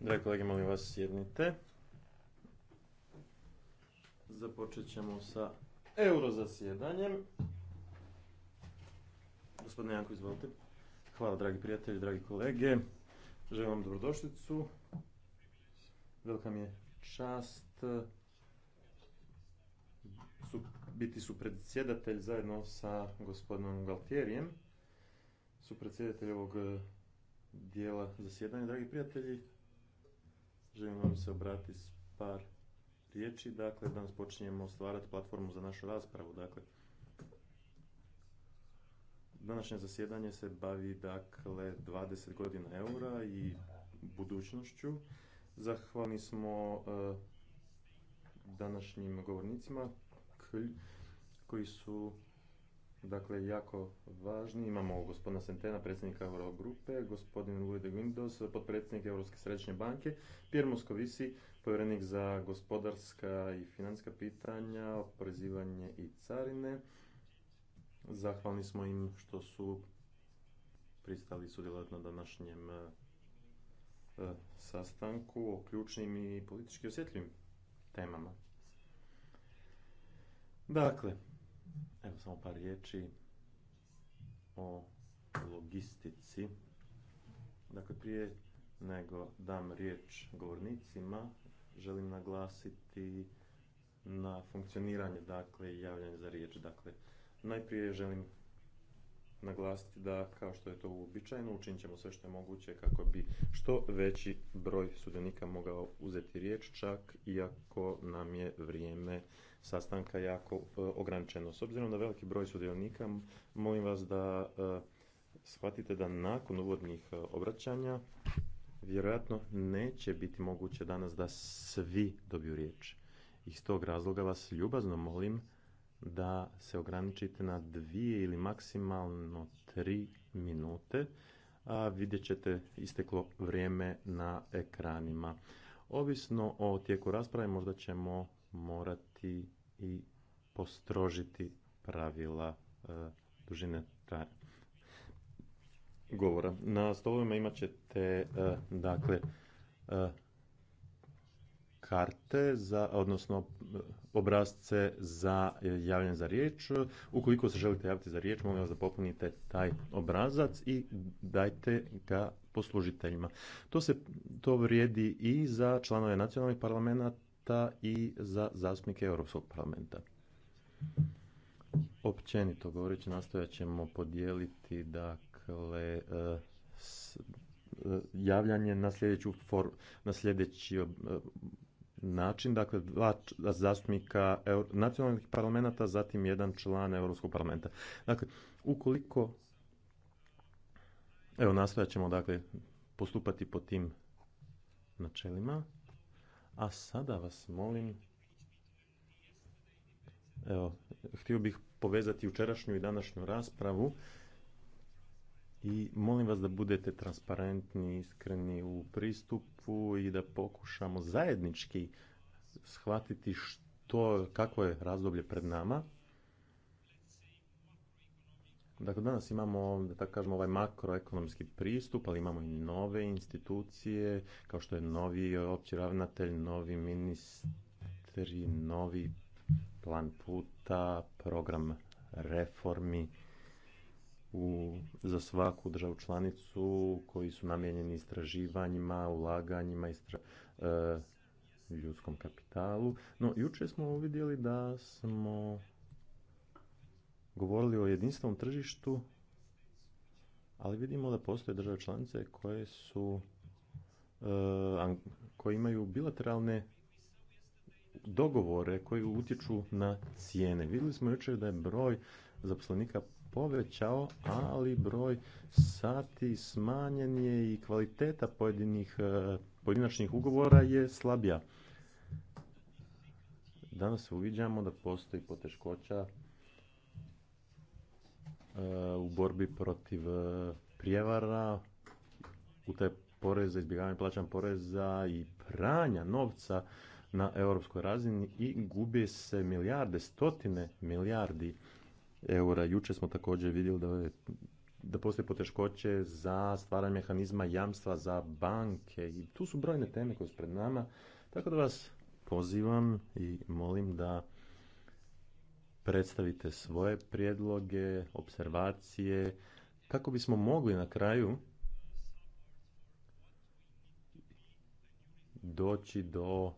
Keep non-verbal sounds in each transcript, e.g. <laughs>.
Dragi kolege, molim vas sjednite. Započet ćemo sa euro zasjedanjem. Gospodine Janko, izvolite. Hvala, dragi prijatelji, dragi kolege. Želim vam dobrodošlicu. Velika mi je čast su, biti supredsjedatelj zajedno sa gospodinom Galtierijem, predsjedatelj ovog dijela zasjedanja. Dragi prijatelji, želim vam se obratiti s par riječi. Dakle, danas počinjemo stvarati platformu za našu raspravu. Dakle, današnje zasjedanje se bavi dakle 20 godina eura i budućnošću. Zahvalni smo e, današnjim govornicima koji su dakle jako važni. Imamo gospodina Sentena, predsjednika Eurogrupe, gospodin Louis de Guindos, potpredsjednik Europske središnje banke, Pierre Moscovici, povjerenik za gospodarska i financijska pitanja, oporezivanje i carine. Zahvalni smo im što su pristali sudjelovati na današnjem e, sastanku o ključnim i politički osjetljivim temama. Dakle, Evo samo par riječi o logistici. Dakle, prije nego dam riječ govornicima, želim naglasiti na funkcioniranje, dakle, i javljanje za riječ. Dakle, najprije želim naglasiti da, kao što je to uobičajeno, učinit ćemo sve što je moguće kako bi što veći broj sudionika mogao uzeti riječ, čak iako nam je vrijeme sastanka jako e, ograničeno. S obzirom na veliki broj sudionika, molim vas da e, shvatite da nakon uvodnih e, obraćanja vjerojatno neće biti moguće danas da svi dobiju riječ. Iz tog razloga vas ljubazno molim da se ograničite na dvije ili maksimalno tri minute, a vidjet ćete isteklo vrijeme na ekranima. Ovisno o tijeku rasprave možda ćemo morati i postrožiti pravila e, dužine govora. Na stolovima imat ćete e, dakle e, karte za, odnosno obrazce za javljanje za riječ. Ukoliko se želite javiti za riječ, molim vas da popunite taj obrazac i dajte ga poslužiteljima. To se to vrijedi i za članove nacionalnih parlamenta i za zastupnike Europskog parlamenta. Općenito govoreći nastojat ćemo podijeliti dakle eh, eh, javljanje na sljedeću na sljedeći eh, način, dakle dva zastupnika nacionalnih parlamenta, zatim jedan član Europskog parlamenta. Dakle, ukoliko evo nastojat ćemo dakle postupati po tim načelima. A sada vas molim, evo, htio bih povezati učerašnju i današnju raspravu i molim vas da budete transparentni, iskreni u pristupu i da pokušamo zajednički shvatiti što, kako je razdoblje pred nama Dakle, danas imamo, da tako kažemo, ovaj makroekonomski pristup, ali imamo i nove institucije, kao što je novi opći ravnatelj, novi ministri, novi plan puta, program reformi u, za svaku državu članicu koji su namijenjeni istraživanjima, ulaganjima, istra, e, ljudskom kapitalu. No, juče smo uvidjeli da smo govorili o jedinstvenom tržištu, ali vidimo da postoje države članice koje su e, koje imaju bilateralne dogovore koji utječu na cijene. Vidjeli smo jučer da je broj zaposlenika povećao, ali broj sati smanjen je i kvaliteta pojedinih e, pojedinačnih ugovora je slabija. Danas uviđamo da postoji poteškoća u borbi protiv e, prijevara, u te za izbjegavanje plaćan poreza i pranja novca na europskoj razini i gubi se milijarde, stotine milijardi eura. Juče smo također vidjeli da da postoje poteškoće za stvaranje mehanizma jamstva za banke i tu su brojne teme koje su pred nama, tako da vas pozivam i molim da predstavite svoje prijedloge, observacije, kako bismo mogli na kraju doći do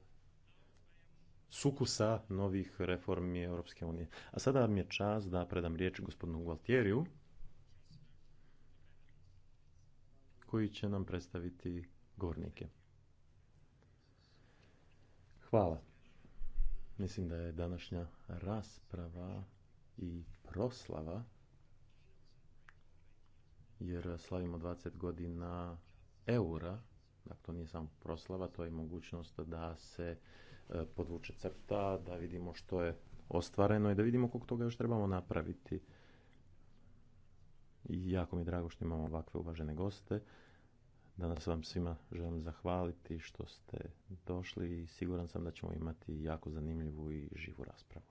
sukusa novih reformi Europske unije. A sada vam je čas da predam riječ gospodinu Gualtieriju, koji će nam predstaviti govornike. Hvala. Mislim da je današnja rasprava i proslava, jer slavimo 20 godina eura, dakle to nije samo proslava, to je mogućnost da se e, podvuče crta, da vidimo što je ostvareno i da vidimo koliko toga još trebamo napraviti. I jako mi je drago što imamo ovakve uvažene goste. Danas vam svima želim zahvaliti što ste došli i siguran sam da ćemo imati jako zanimljivu i živu raspravu.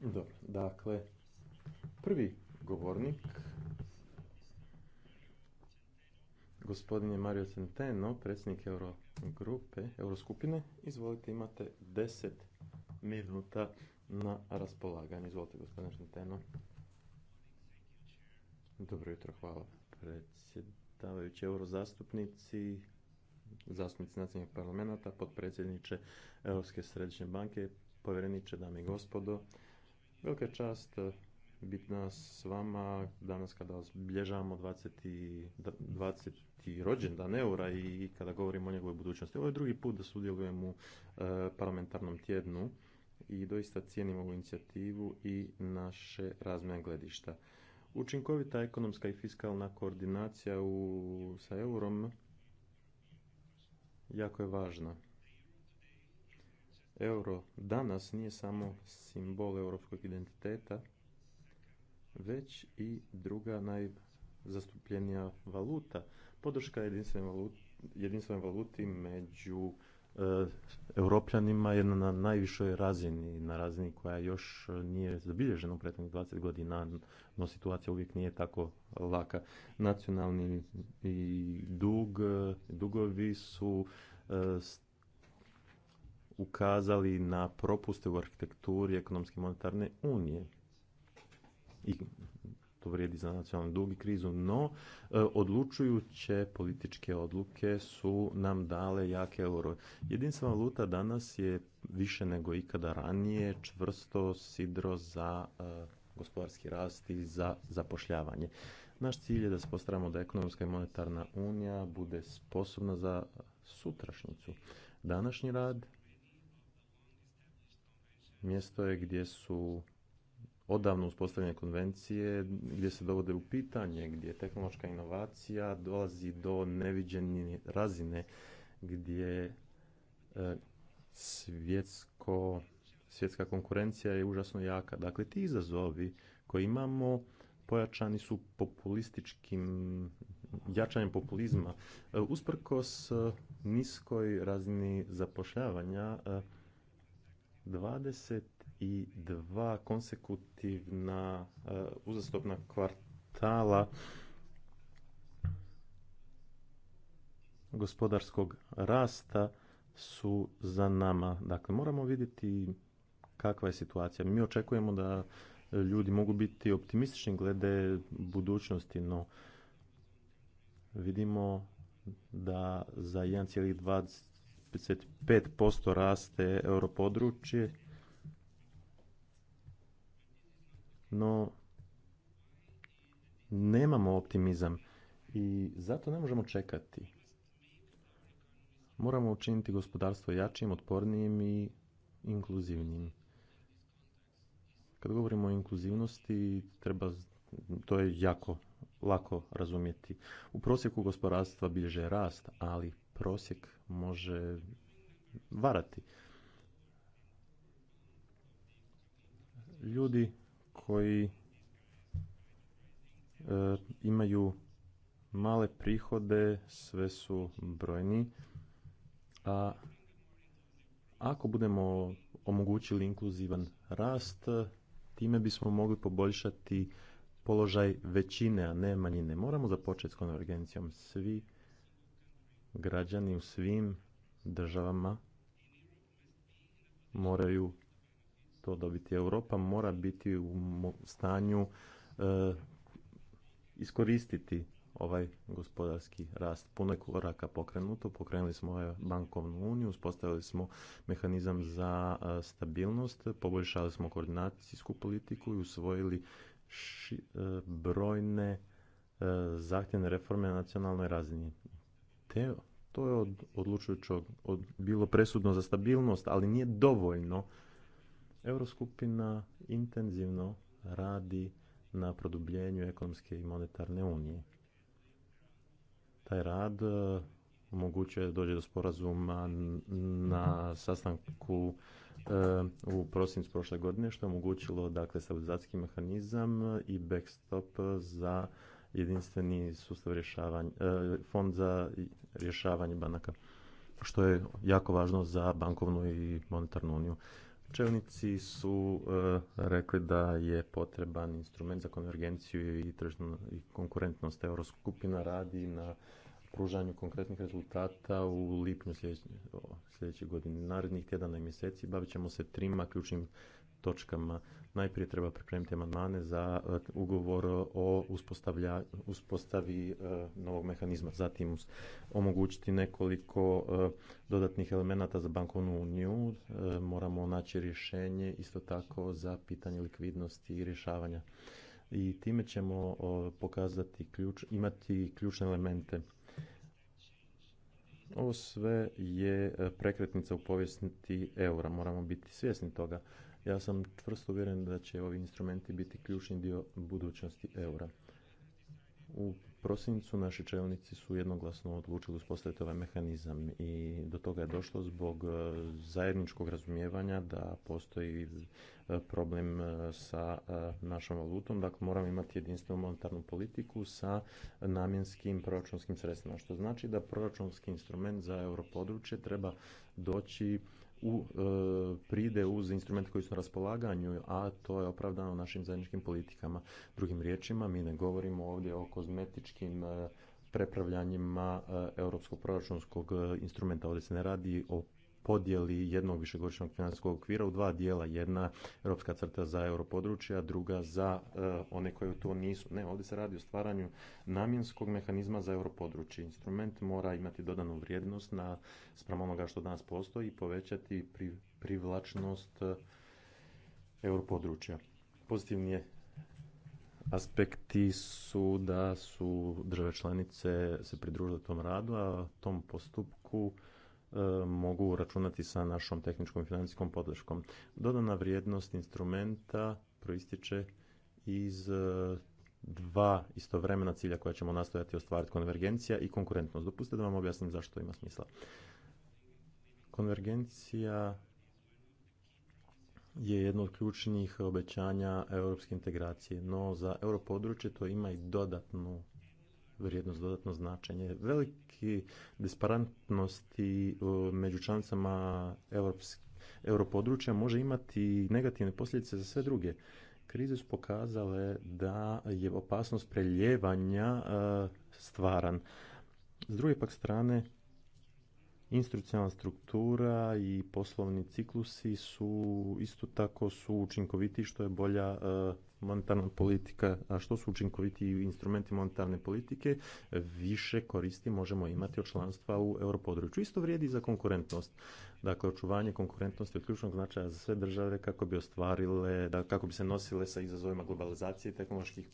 Dobro, dakle, prvi govornik, gospodin je Mario Centeno, predsjednik Eurogrupe, Euroskupine. Izvolite, imate 10 minuta na raspolaganje. Izvolite, gospodine Centeno. Dobro jutro, hvala predsjedavajući eurozastupnici, zastupnici nacionalnih parlamenta, potpredsjedniče Europske središnje banke, povjereniče, dame i gospodo. Velika čast eh, biti nas s vama danas kada obilježavamo 20. 20. rođendan eura i kada govorimo o njegovoj budućnosti. Ovo je drugi put da sudjelujem u eh, parlamentarnom tjednu i doista cijenim ovu inicijativu i naše razmjene gledišta. Učinkovita ekonomska i fiskalna koordinacija u, sa eurom jako je važna. Euro danas nije samo simbol europskog identiteta, već i druga najzastupljenija valuta. Podrška jedinstvene valuti, jedinstvenoj valuti među e, europljanima jedna na najvišoj razini, na razini koja još nije zabilježena u prethodnih 20 godina, no situacija uvijek nije tako laka. Nacionalni i dug, dugovi su e, ukazali na propuste u arhitekturi ekonomske monetarne unije. I vrijedi za nacionalni dug i krizu, no e, odlučujuće političke odluke su nam dale jake euro. Jedinstvena valuta danas je više nego ikada ranije čvrsto sidro za e, gospodarski rast i za zapošljavanje. Naš cilj je da se postaramo da ekonomska i monetarna unija bude sposobna za sutrašnjicu. Današnji rad mjesto je gdje su odavno uspostavljene konvencije gdje se dovode u pitanje, gdje tehnološka inovacija dolazi do neviđene razine, gdje e, svjetsko, svjetska konkurencija je užasno jaka. Dakle, ti izazovi koji imamo pojačani su populističkim jačanjem populizma. E, usprkos e, niskoj razini zapošljavanja 20 i dva konsekutivna eh, uzastopna kvartala gospodarskog rasta su za nama. Dakle, moramo vidjeti kakva je situacija. Mi očekujemo da ljudi mogu biti optimistični glede budućnosti, no vidimo da za 1,25% raste europodručje no nemamo optimizam i zato ne možemo čekati. Moramo učiniti gospodarstvo jačim, otpornijim i inkluzivnim. Kad govorimo o inkluzivnosti, treba, to je jako lako razumjeti. U prosjeku gospodarstva bilježe rast, ali prosjek može varati. Ljudi koji e, imaju male prihode, sve su brojni, a ako budemo omogućili inkluzivan rast, time bismo mogli poboljšati položaj većine, a ne manjine. Moramo započeti s konvergencijom. Svi građani u svim državama moraju to dobiti. Europa mora biti u stanju e, iskoristiti ovaj gospodarski rast. Puno je koraka pokrenuto, pokrenuli smo ovaj bankovnu uniju, uspostavili smo mehanizam za e, stabilnost, poboljšali smo koordinacijsku politiku i usvojili e, brojne e, zahtjevne reforme na nacionalnoj razini. to je od, od, bilo presudno za stabilnost, ali nije dovoljno Euroskupina intenzivno radi na produbljenju ekonomske i monetarne unije. Taj rad e, omogućuje da dođe do sporazuma na sastanku e, u prosincu prošle godine, što je omogućilo dakle, stabilizacijski mehanizam i backstop za jedinstveni sustav rješavanja, e, fond za rješavanje banaka, što je jako važno za bankovnu i monetarnu uniju. Čelnici su e, rekli da je potreban instrument za konvergenciju i tržnu i konkurentnost. Euroskupina radi na pružanju konkretnih rezultata u lipnju sljedeće, godine. Narednih tjedana i mjeseci bavit ćemo se trima ključnim točkama. Najprije treba pripremiti amandmane za e, ugovor o uspostavi e, novog mehanizma. Zatim omogućiti nekoliko e, dodatnih elemenata za bankovnu uniju. Moramo naći rješenje isto tako za pitanje likvidnosti i rješavanja. I time ćemo pokazati ključ, imati ključne elemente. Ovo sve je prekretnica u povijesti eura, moramo biti svjesni toga. Ja sam čvrsto uvjeren da će ovi instrumenti biti ključni dio budućnosti eura. U prosincu naši čelnici su jednoglasno odlučili uspostaviti ovaj mehanizam i do toga je došlo zbog e, zajedničkog razumijevanja da postoji e, problem e, sa našom valutom. Dakle, moramo imati jedinstvenu monetarnu politiku sa namjenskim proračunskim sredstvima, što znači da proračunski instrument za europodručje treba doći u, e, pride uz instrumente koji su na raspolaganju, a to je opravdano našim zajedničkim politikama. Drugim riječima, mi ne govorimo ovdje o kozmetičkim e, prepravljanjima e, europskog proračunskog instrumenta. Ovdje se ne radi o podjeli jednog višegodišnjeg financijskog okvira u dva dijela. Jedna europska crta za europodručje, druga za eh, one koje to nisu. Ne, ovdje se radi o stvaranju namjenskog mehanizma za europodručje. Instrument mora imati dodanu vrijednost na spram onoga što danas postoji i povećati pri, privlačnost eh, europodručja. Pozitivni je aspekti su da su države članice se pridružile tom radu, a tom postupku E, mogu računati sa našom tehničkom i financijskom podrškom. Dodana vrijednost instrumenta proističe iz e, dva istovremena cilja koja ćemo nastojati ostvariti, konvergencija i konkurentnost. Dopustite da vam objasnim zašto ima smisla. Konvergencija je jedno od ključnih obećanja europske integracije, no za europodručje to ima i dodatnu vrijednost, dodatno značenje. Veliki disparantnosti e, među članicama europodručja može imati negativne posljedice za sve druge. Krize su pokazale da je opasnost preljevanja e, stvaran. S druge pak strane, institucionalna struktura i poslovni ciklusi su isto tako su učinkoviti što je bolja e, monetarna politika, a što su učinkoviti instrumenti monetarne politike, više koristi možemo imati od članstva u europodručju. Isto vrijedi i za konkurentnost. Dakle, očuvanje konkurentnosti je od ključnog značaja za sve države kako bi ostvarile, da, kako bi se nosile sa izazovima globalizacije i tehnoloških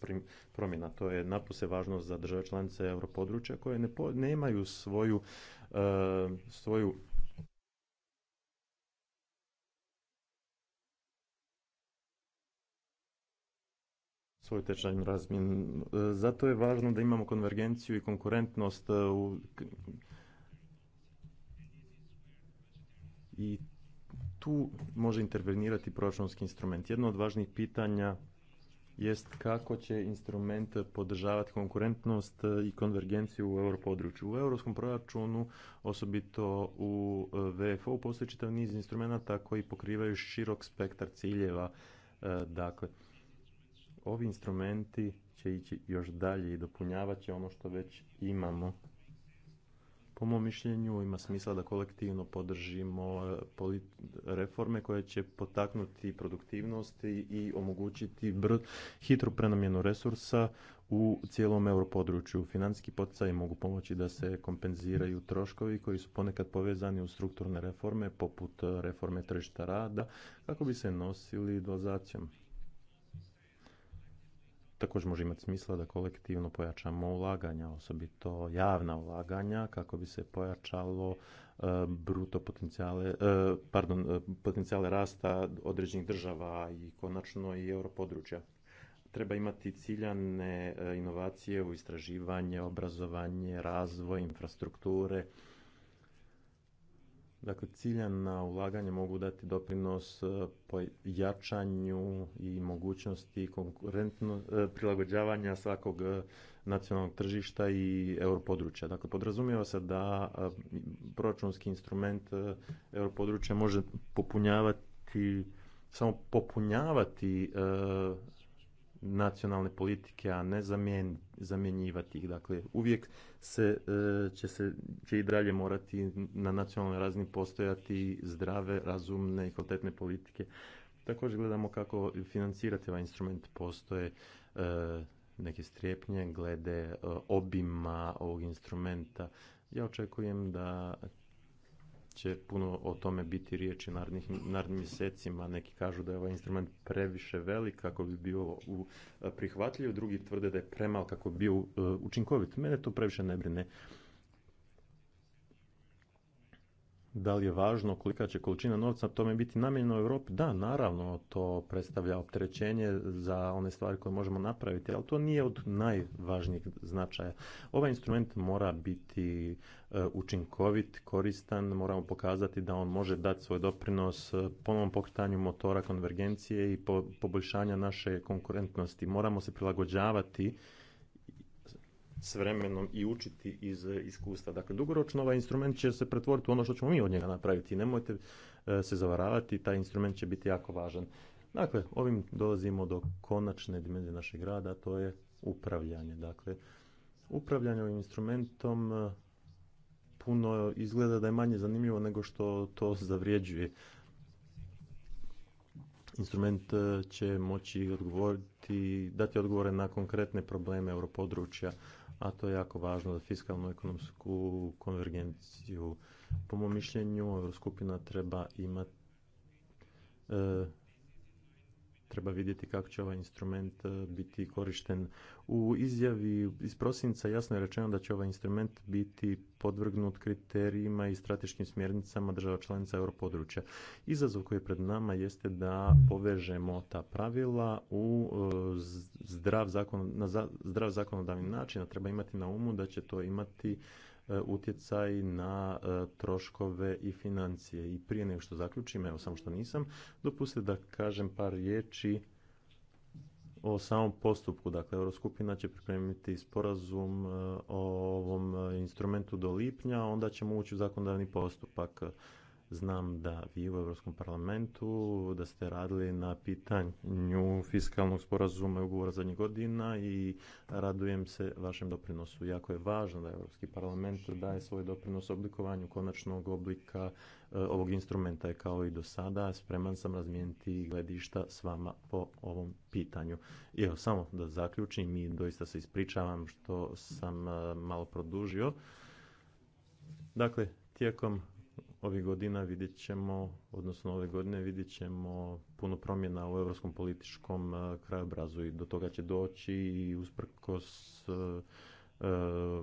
promjena. To je napose važnost za države članice europodručja koje ne, nemaju svoju, e, svoju svoj tečajnu razmjenu. Zato je važno da imamo konvergenciju i konkurentnost e, u i tu može intervenirati proračunski instrument. Jedno od važnijih pitanja jest kako će instrument podržavati konkurentnost i konvergenciju u europodručju. U europskom proračunu, osobito u e, VFO, postoji čitav niz instrumenata koji pokrivaju širok spektar ciljeva. E, dakle, ovi instrumenti će ići još dalje i dopunjavat će ono što već imamo. Po mom mišljenju ima smisla da kolektivno podržimo e, reforme koje će potaknuti produktivnost i omogućiti hitru prenamjenu resursa u cijelom europodručju. Financijski poticaji mogu pomoći da se kompenziraju troškovi koji su ponekad povezani u strukturne reforme poput e, reforme tržišta rada kako bi se nosili dozacijom također može imati smisla da kolektivno pojačamo ulaganja, osobito javna ulaganja, kako bi se pojačalo e, bruto potencijale, e, pardon, e, potencijale rasta određenih država i konačno i europodručja. Treba imati ciljane inovacije u istraživanje, obrazovanje, razvoj, infrastrukture, Dakle, ciljana ulaganja mogu dati doprinos e, po jačanju i mogućnosti konkurentno, e, prilagođavanja svakog e, nacionalnog tržišta i europodručja. Dakle, podrazumijeva se da proračunski instrument europodručja može popunjavati, samo popunjavati nacionalne politike, a ne zamjen, zamjenjivati ih. Dakle, uvijek se, e, će, se, će i dalje morati na nacionalnoj razini postojati zdrave, razumne i kvalitetne politike. Također gledamo kako financirati ovaj instrument. Postoje e, neke strepnje glede e, obima ovog instrumenta. Ja očekujem da će puno o tome biti riječi narednih, narednim mjesecima. Neki kažu da je ovaj instrument previše velik kako bi bio u, prihvatljiv, drugi tvrde da je premal kako bi bio e, učinkovit. Mene to previše ne brine. da li je važno kolika će količina novca tome biti namijenjena u Europi? Da, naravno, to predstavlja opterećenje za one stvari koje možemo napraviti, ali to nije od najvažnijih značaja. Ovaj instrument mora biti e, učinkovit, koristan, moramo pokazati da on može dati svoj doprinos e, ponovnom pokretanju motora konvergencije i poboljšanja naše konkurentnosti. Moramo se prilagođavati s vremenom i učiti iz eh, iskustva. Dakle, dugoročno ovaj instrument će se pretvoriti u ono što ćemo mi od njega napraviti. Nemojte eh, se zavaravati, taj instrument će biti jako važan. Dakle, ovim dolazimo do konačne dimenzije našeg rada, a to je upravljanje. Dakle, upravljanje ovim instrumentom eh, puno izgleda da je manje zanimljivo nego što to zavrijeđuje. Instrument će moći odgovoriti, dati odgovore na konkretne probleme europodručja a to je jako važno za fiskalnu ekonomsku konvergenciju. Po mom mišljenju, skupina treba imati e, treba vidjeti kako će ovaj instrument e, biti korišten. U izjavi iz prosinca jasno je rečeno da će ovaj instrument biti podvrgnut kriterijima i strateškim smjernicama država članica europodručja. Izazov koji je pred nama jeste da povežemo ta pravila u e, zdrav zakon, na zdrav zakonodavni način, a treba imati na umu da će to imati E, utjecaj na e, troškove i financije. I prije nego što zaključim, evo samo što nisam, dopustite da kažem par riječi o samom postupku. Dakle, Euroskupina će pripremiti sporazum e, o ovom instrumentu do lipnja, onda ćemo ući u zakonodavni postupak. Znam da vi u Europskom parlamentu da ste radili na pitanju fiskalnog sporazuma i ugovora zadnjih godina i radujem se vašem doprinosu. Jako je važno da Europski parlament daje svoj doprinos oblikovanju konačnog oblika e, ovog instrumenta je kao i do sada. Spreman sam razmijeniti gledišta s vama po ovom pitanju. I evo, samo da zaključim i doista se ispričavam što sam e, malo produžio. Dakle, tijekom ovih godina vidjet ćemo, odnosno ove godine vidjet ćemo puno promjena u europskom političkom e, krajobrazu i do toga će doći i usprkos e, e,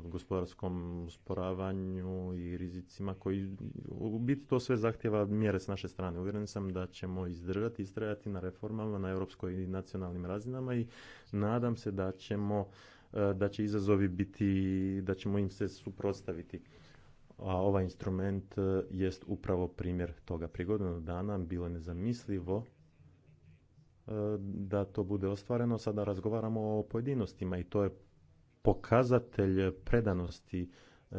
gospodarskom usporavanju i rizicima koji u biti to sve zahtjeva mjere s naše strane. Uvjeren sam da ćemo izdržati, istrajati na reformama na europskoj i nacionalnim razinama i nadam se da ćemo da će izazovi biti, da ćemo im se suprotstaviti a ovaj instrument e, jest upravo primjer toga. Prije godinu dana bilo je nezamislivo e, da to bude ostvareno. Sada razgovaramo o pojedinostima i to je pokazatelj predanosti e,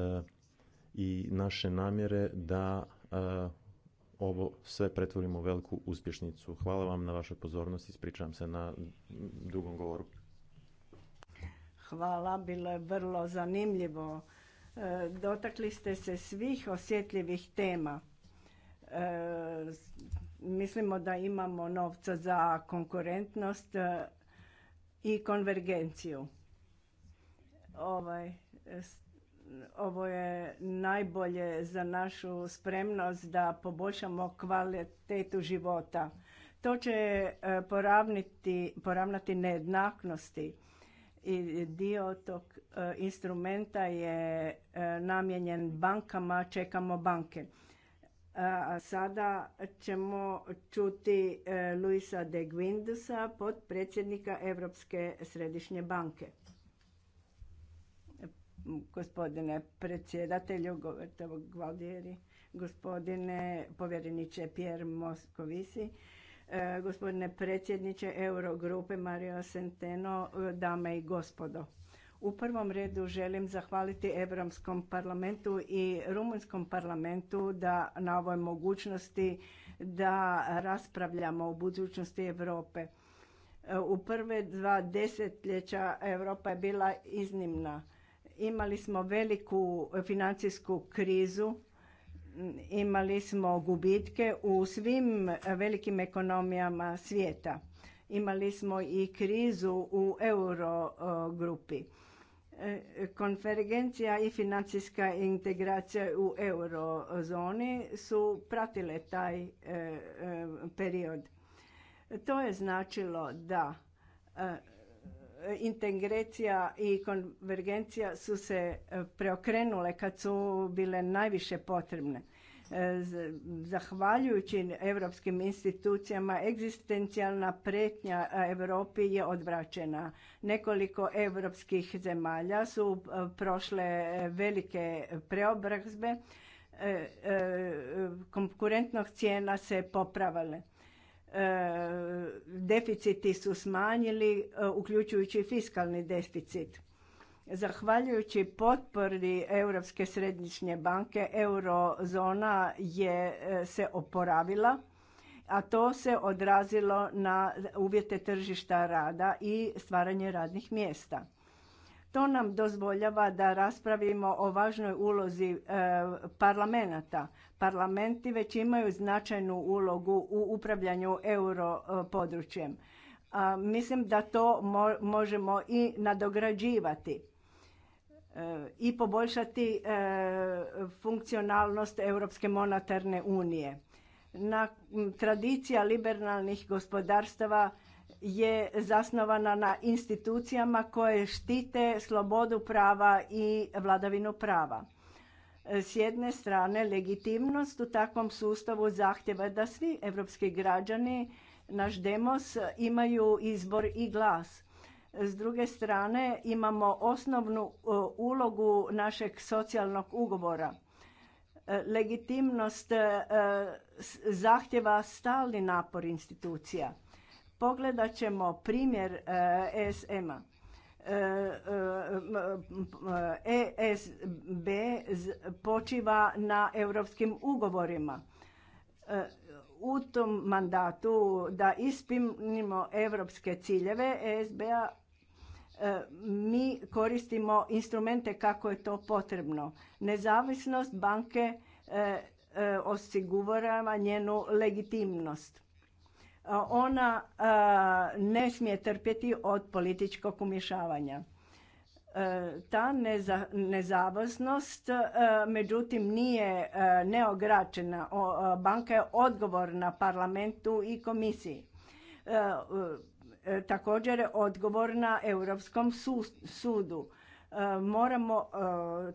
i naše namjere da ovo sve pretvorimo u veliku uspješnicu. Hvala vam na vašoj pozornosti. Ispričavam se na drugom govoru. Hvala, bilo je vrlo zanimljivo E, dotakli ste se svih osjetljivih tema. E, mislimo da imamo novca za konkurentnost e, i konvergenciju. Ovaj, ovo je najbolje za našu spremnost da poboljšamo kvalitetu života. To će poravniti, poravnati nejednaknosti i dio tog e, instrumenta je e, namijenjen bankama, čekamo banke. E, a sada ćemo čuti Luisa de Guindusa, potpredsjednika Europske središnje banke. Gospodine predsjedatelju, govorite Gvaldieri, gospodine povjereniče Pierre Moscovici, E, gospodine predsjedniče Eurogrupe Mario Centeno, e, dame i gospodo. U prvom redu želim zahvaliti Europskom parlamentu i Rumunjskom parlamentu da na ovoj mogućnosti da raspravljamo o budućnosti Europe. E, u prve dva desetljeća Europa je bila iznimna. Imali smo veliku financijsku krizu imali smo gubitke u svim velikim ekonomijama svijeta. Imali smo i krizu u Eurogrupi. E, konvergencija i financijska integracija u eurozoni su pratile taj e, e, period. To je značilo da integracija i konvergencija su se e, preokrenule kad su bile najviše potrebne. E, zahvaljujući europskim institucijama, egzistencijalna pretnja Europi je odvraćena. Nekoliko europskih zemalja su e, prošle velike preobrazbe, konkurentnog cijena se popravale E, deficiti su smanjili, e, uključujući fiskalni deficit. Zahvaljujući potpori Europske središnje banke, eurozona je e, se oporavila, a to se odrazilo na uvjete tržišta rada i stvaranje radnih mjesta. To nam dozvoljava da raspravimo o važnoj ulozi e, parlamenta. Parlamenti već imaju značajnu ulogu u upravljanju euro područjem. mislim da to možemo i nadograđivati e, i poboljšati e, funkcionalnost Europske monetarne unije. Na, tradicija liberalnih gospodarstava je zasnovana na institucijama koje štite slobodu prava i vladavinu prava. S jedne strane, legitimnost u takvom sustavu zahtjeva da svi evropski građani, naš demos, imaju izbor i glas. S druge strane, imamo osnovnu e, ulogu našeg socijalnog ugovora. E, legitimnost e, zahtjeva stalni napor institucija Pogledat ćemo primjer ESM-a. ESB e, e počiva na europskim ugovorima. E, u tom mandatu da ispunimo europske ciljeve ESB-a mi koristimo instrumente kako je to potrebno. Nezavisnost banke osigurava njenu legitimnost ona ne smije trpjeti od političkog umješavanja. E, ta nezavisnost e, međutim, nije e, neogračena. Banka je odgovorna parlamentu i komisiji. Također je odgovorna Europskom sudu. Moramo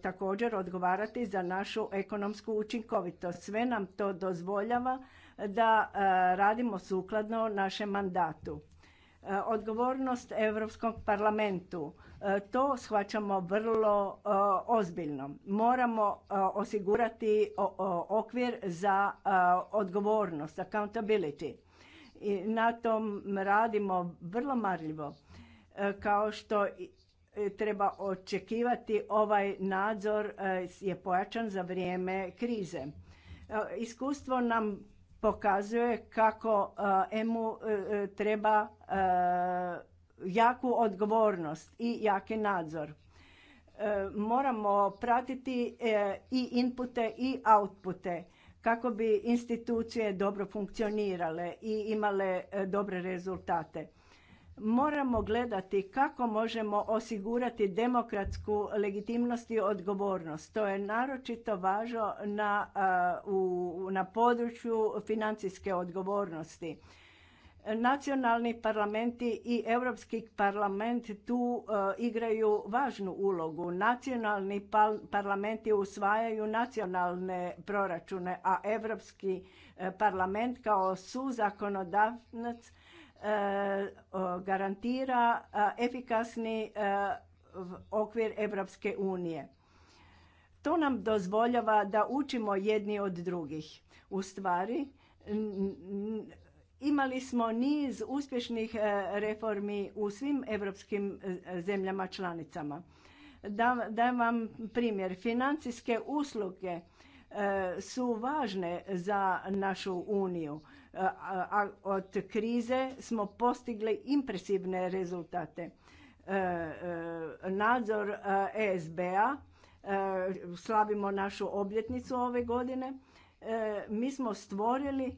također odgovarati za našu ekonomsku učinkovitost. Sve nam to dozvoljava da e, radimo sukladno našem mandatu. E, odgovornost Europskog parlamentu, e, to shvaćamo vrlo ozbiljno. Moramo osigurati okvir za odgovornost, accountability. I na tom radimo vrlo marljivo. Kao što treba očekivati ovaj nadzor je pojačan za vrijeme krize. Iskustvo nam pokazuje kako e, EMU e, e, treba jaku odgovornost i jaki nadzor. Moramo pratiti i inpute i outpute kako bi institucije dobro funkcionirale i imale dobre rezultate moramo gledati kako možemo osigurati demokratsku legitimnost i odgovornost. To je naročito važno na, u, na području financijske odgovornosti. Nacionalni parlamenti i Europski parlament tu igraju važnu ulogu. Nacionalni parlamenti usvajaju nacionalne proračune, a Europski parlament kao suzakonodavac Eh, garantira eh, efikasni eh, okvir Evropske unije. To nam dozvoljava da učimo jedni od drugih. U stvari, imali smo niz uspješnih reformi u svim evropskim zemljama članicama. Da, vam primjer, financijske usluge su važne za našu uniju od krize smo postigli impresivne rezultate. E, e, nadzor ESB-a, e slavimo našu obljetnicu ove godine, mi smo stvorili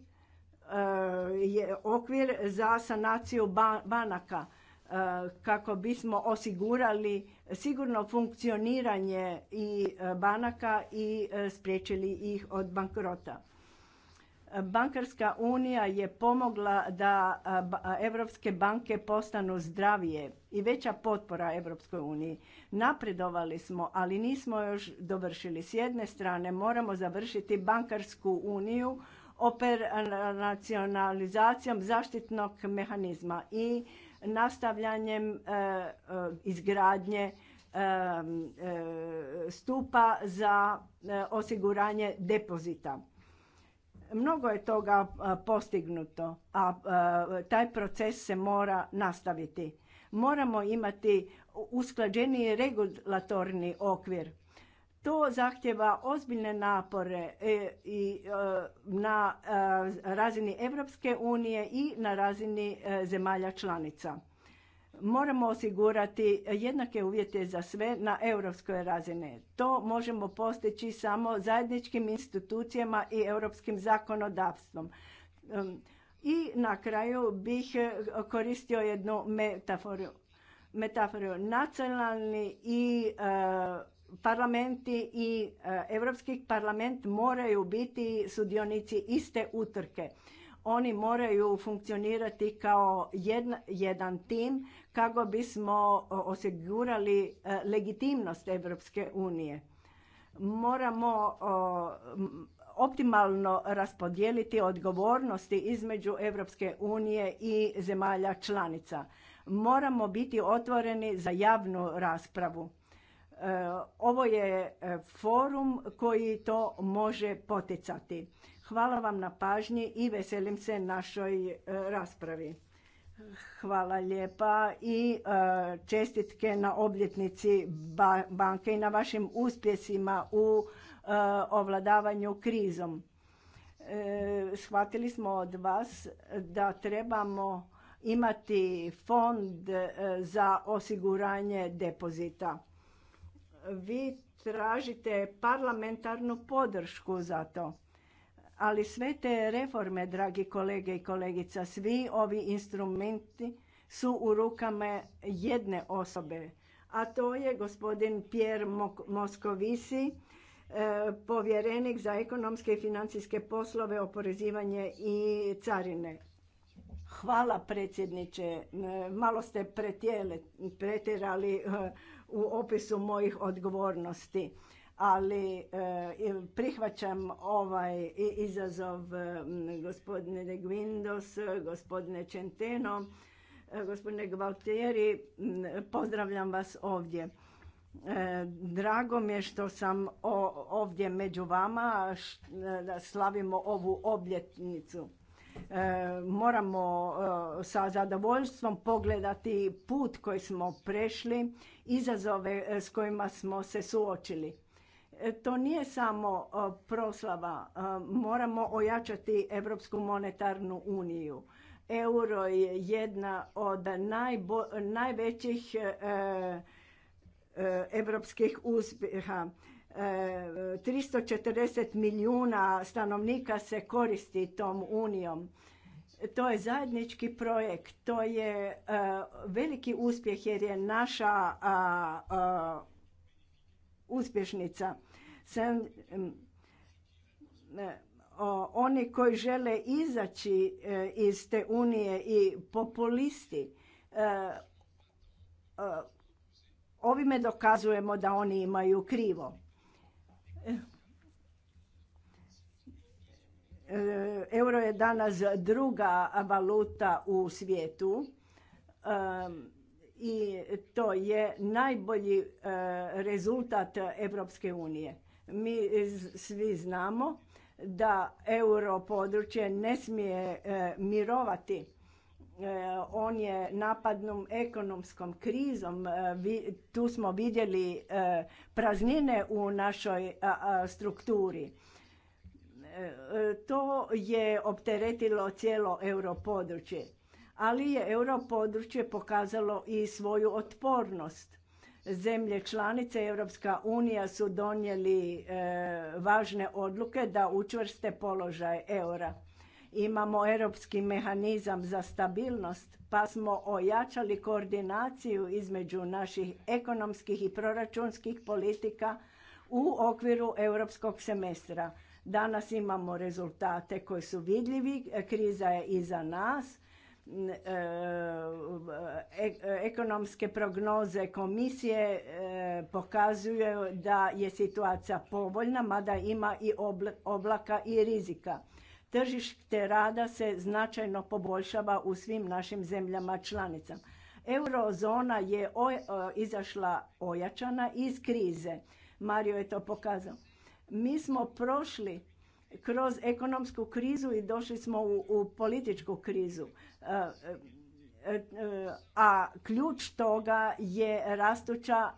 okvir za sanaciju banaka kako bismo osigurali sigurno funkcioniranje i banaka i spriječili ih od bankrota. Bankarska unija je pomogla da evropske banke postanu zdravije i veća potpora Evropskoj uniji. Napredovali smo, ali nismo još dovršili. S jedne strane moramo završiti bankarsku uniju operacionalizacijom zaštitnog mehanizma i nastavljanjem e, e, izgradnje e, stupa za osiguranje depozita Mnogo je toga postignuto, a taj proces se mora nastaviti. Moramo imati usklađeniji regulatorni okvir. To zahtjeva ozbiljne napore e, i e, na e, razini Europske unije i na razini zemalja članica. Moramo osigurati jednake uvjete za sve na europskoj razini. To možemo postići samo zajedničkim institucijama i europskim zakonodavstvom. I na kraju bih e, koristio jednu metaforu. Nacionalni i e, parlamenti i Europski parlament moraju biti sudionici iste utrke. Oni moraju funkcionirati kao jedan tim kako bismo osigurali e, legitimnost Evropske unije. Moramo optimalno raspodijeliti odgovornosti između Evropske unije i zemalja članica. Moramo biti otvoreni za javnu raspravu. E, ovo je e, forum koji to može poticati. Hvala vam na pažnji i veselim se našoj e, raspravi. Hvala lijepa i e, čestitke na obljetnici banke i na vašim uspjesima u e, ovladavanju krizom. Shvatili smo od vas da trebamo imati fond za osiguranje depozita. Vi tražite parlamentarnu podršku za to ali sve te reforme, dragi kolege i kolegica, svi ovi instrumenti su u rukama jedne osobe, a to je gospodin Pierre Moskovisi, e, povjerenik za ekonomske i financijske poslove, oporezivanje i carine. Hvala predsjedniče, e, malo ste pretjerali e, u opisu mojih odgovornosti ali e, prihvaćam ovaj izazov e, gospodine de Guindos, gospodine Centeno, e, gospodine Gvaltieri, pozdravljam vas ovdje. Drago mi je što sam ovdje među vama, da slavimo ovu obljetnicu. Moramo sa zadovoljstvom pogledati put koji smo prešli, izazove s kojima smo se suočili E, to nije samo proslava, moramo ojačati Europsku monetarnu uniju. Euro je jedna od najvećih europskih e, uspjeha. 340 e, milijuna stanovnika se koristi tom unijom. To je zajednički projekt, to je veliki uspjeh jer je naša uspješnica. E, oni koji žele izaći e, iz te unije i populisti, e, ovime dokazujemo da oni imaju krivo. Euro je danas druga valuta u svijetu i to je najbolji e, rezultat Europske unije. Mi svi znamo da euro područje ne smije e, mirovati. E, on je napadnom ekonomskom krizom. tu smo vidjeli praznine u našoj strukturi. To je opteretilo cijelo euro područje ali je europodručje pokazalo i svoju otpornost. Zemlje članice Europska unija su donijeli e, važne odluke da učvrste položaj eura. Imamo europski mehanizam za stabilnost, pa smo ojačali koordinaciju između naših ekonomskih i proračunskih politika u okviru europskog semestra. Danas imamo rezultate koji su vidljivi, kriza je iza nas, E, e, ekonomske prognoze komisije e, pokazuju da je situacija povoljna, mada ima i oblaka i rizika. Tržište rada se značajno poboljšava u svim našim zemljama članicama. Eurozona je izašla ojačana iz krize. Mario je to pokazao. Mi smo prošli kroz ekonomsku krizu i došli smo u, u političku krizu. E, e, e, a ključ toga je rastuća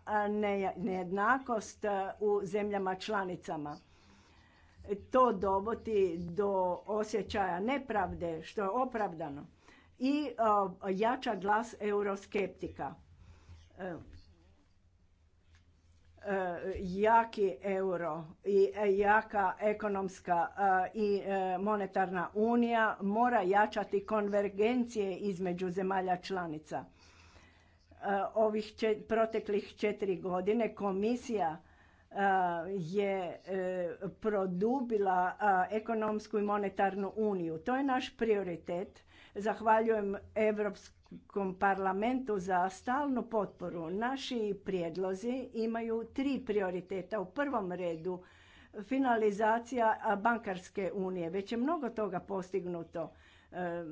nejednakost u zemljama članicama. To dovodi do osjećaja nepravde, što je opravdano, i jača glas euroskeptika E, jaki euro i e, jaka ekonomska e, i monetarna unija mora jačati konvergencije između zemalja članica. Ovih proteklih četiri godine komisija je produbila ekonomsku i monetarnu uniju. To je naš prioritet. Zahvaljujem Evropsku parlamentu za stalnu potporu. Naši prijedlozi imaju tri prioriteta. U prvom redu finalizacija bankarske unije. Već je mnogo toga postignuto. E,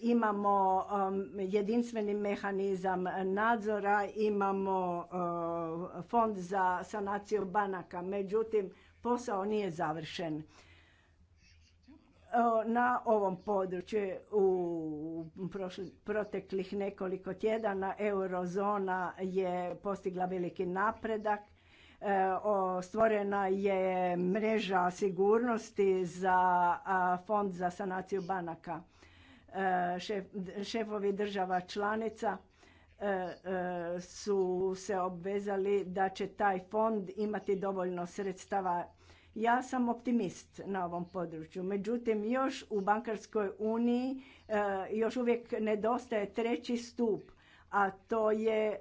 imamo jedinstveni mehanizam nadzora, imamo e, fond za sanaciju banaka. Međutim, posao nije završen na ovom području u proteklih nekoliko tjedana eurozona je postigla veliki napredak. E, stvorena je mreža sigurnosti za fond za sanaciju banaka. E, šefovi država članica e, su se obvezali da će taj fond imati dovoljno sredstava ja sam optimist na ovom području, međutim još u bankarskoj uniji e, još uvijek nedostaje treći stup, a to je e,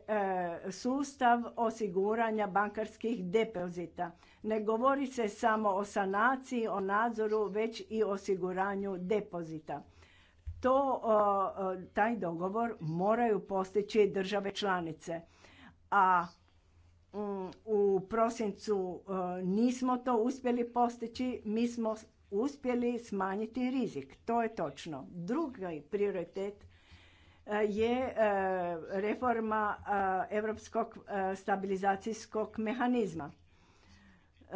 sustav osiguranja bankarskih depozita. Ne govori se samo o sanaciji, o nadzoru, već i o osiguranju depozita. To, taj dogovor moraju postići države članice. A u prosincu e, nismo to uspjeli postići, mi smo uspjeli smanjiti rizik. To je točno. Drugi prioritet e, je e, reforma Europskog stabilizacijskog mehanizma.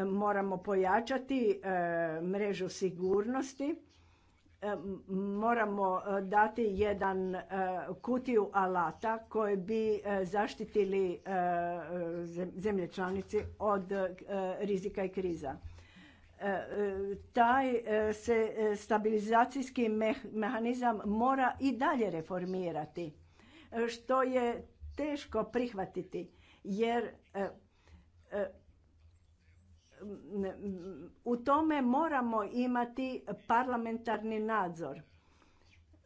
Moramo pojačati mrežu sigurnosti E, moramo e, dati jedan e, kutiju alata koji bi zaštitili zemlje članice od rizika i kriza. Taj se stabilizacijski mehanizam mora i dalje reformirati, što je teško prihvatiti jer u tome moramo imati parlamentarni nadzor.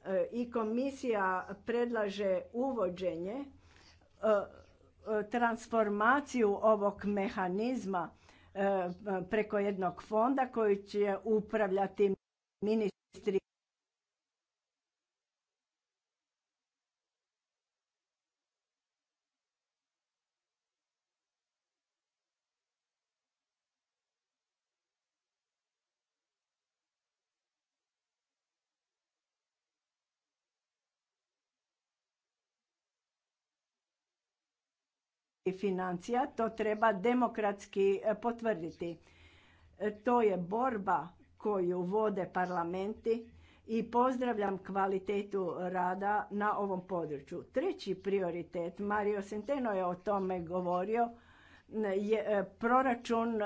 E, I komisija predlaže uvođenje e, transformaciju ovog mehanizma e, preko jednog fonda koji će upravljati ministri financija, to treba demokratski e, potvrditi. E, to je borba koju vode parlamenti i pozdravljam kvalitetu rada na ovom području. Treći prioritet, Mario Centeno je o tome govorio, je e, proračun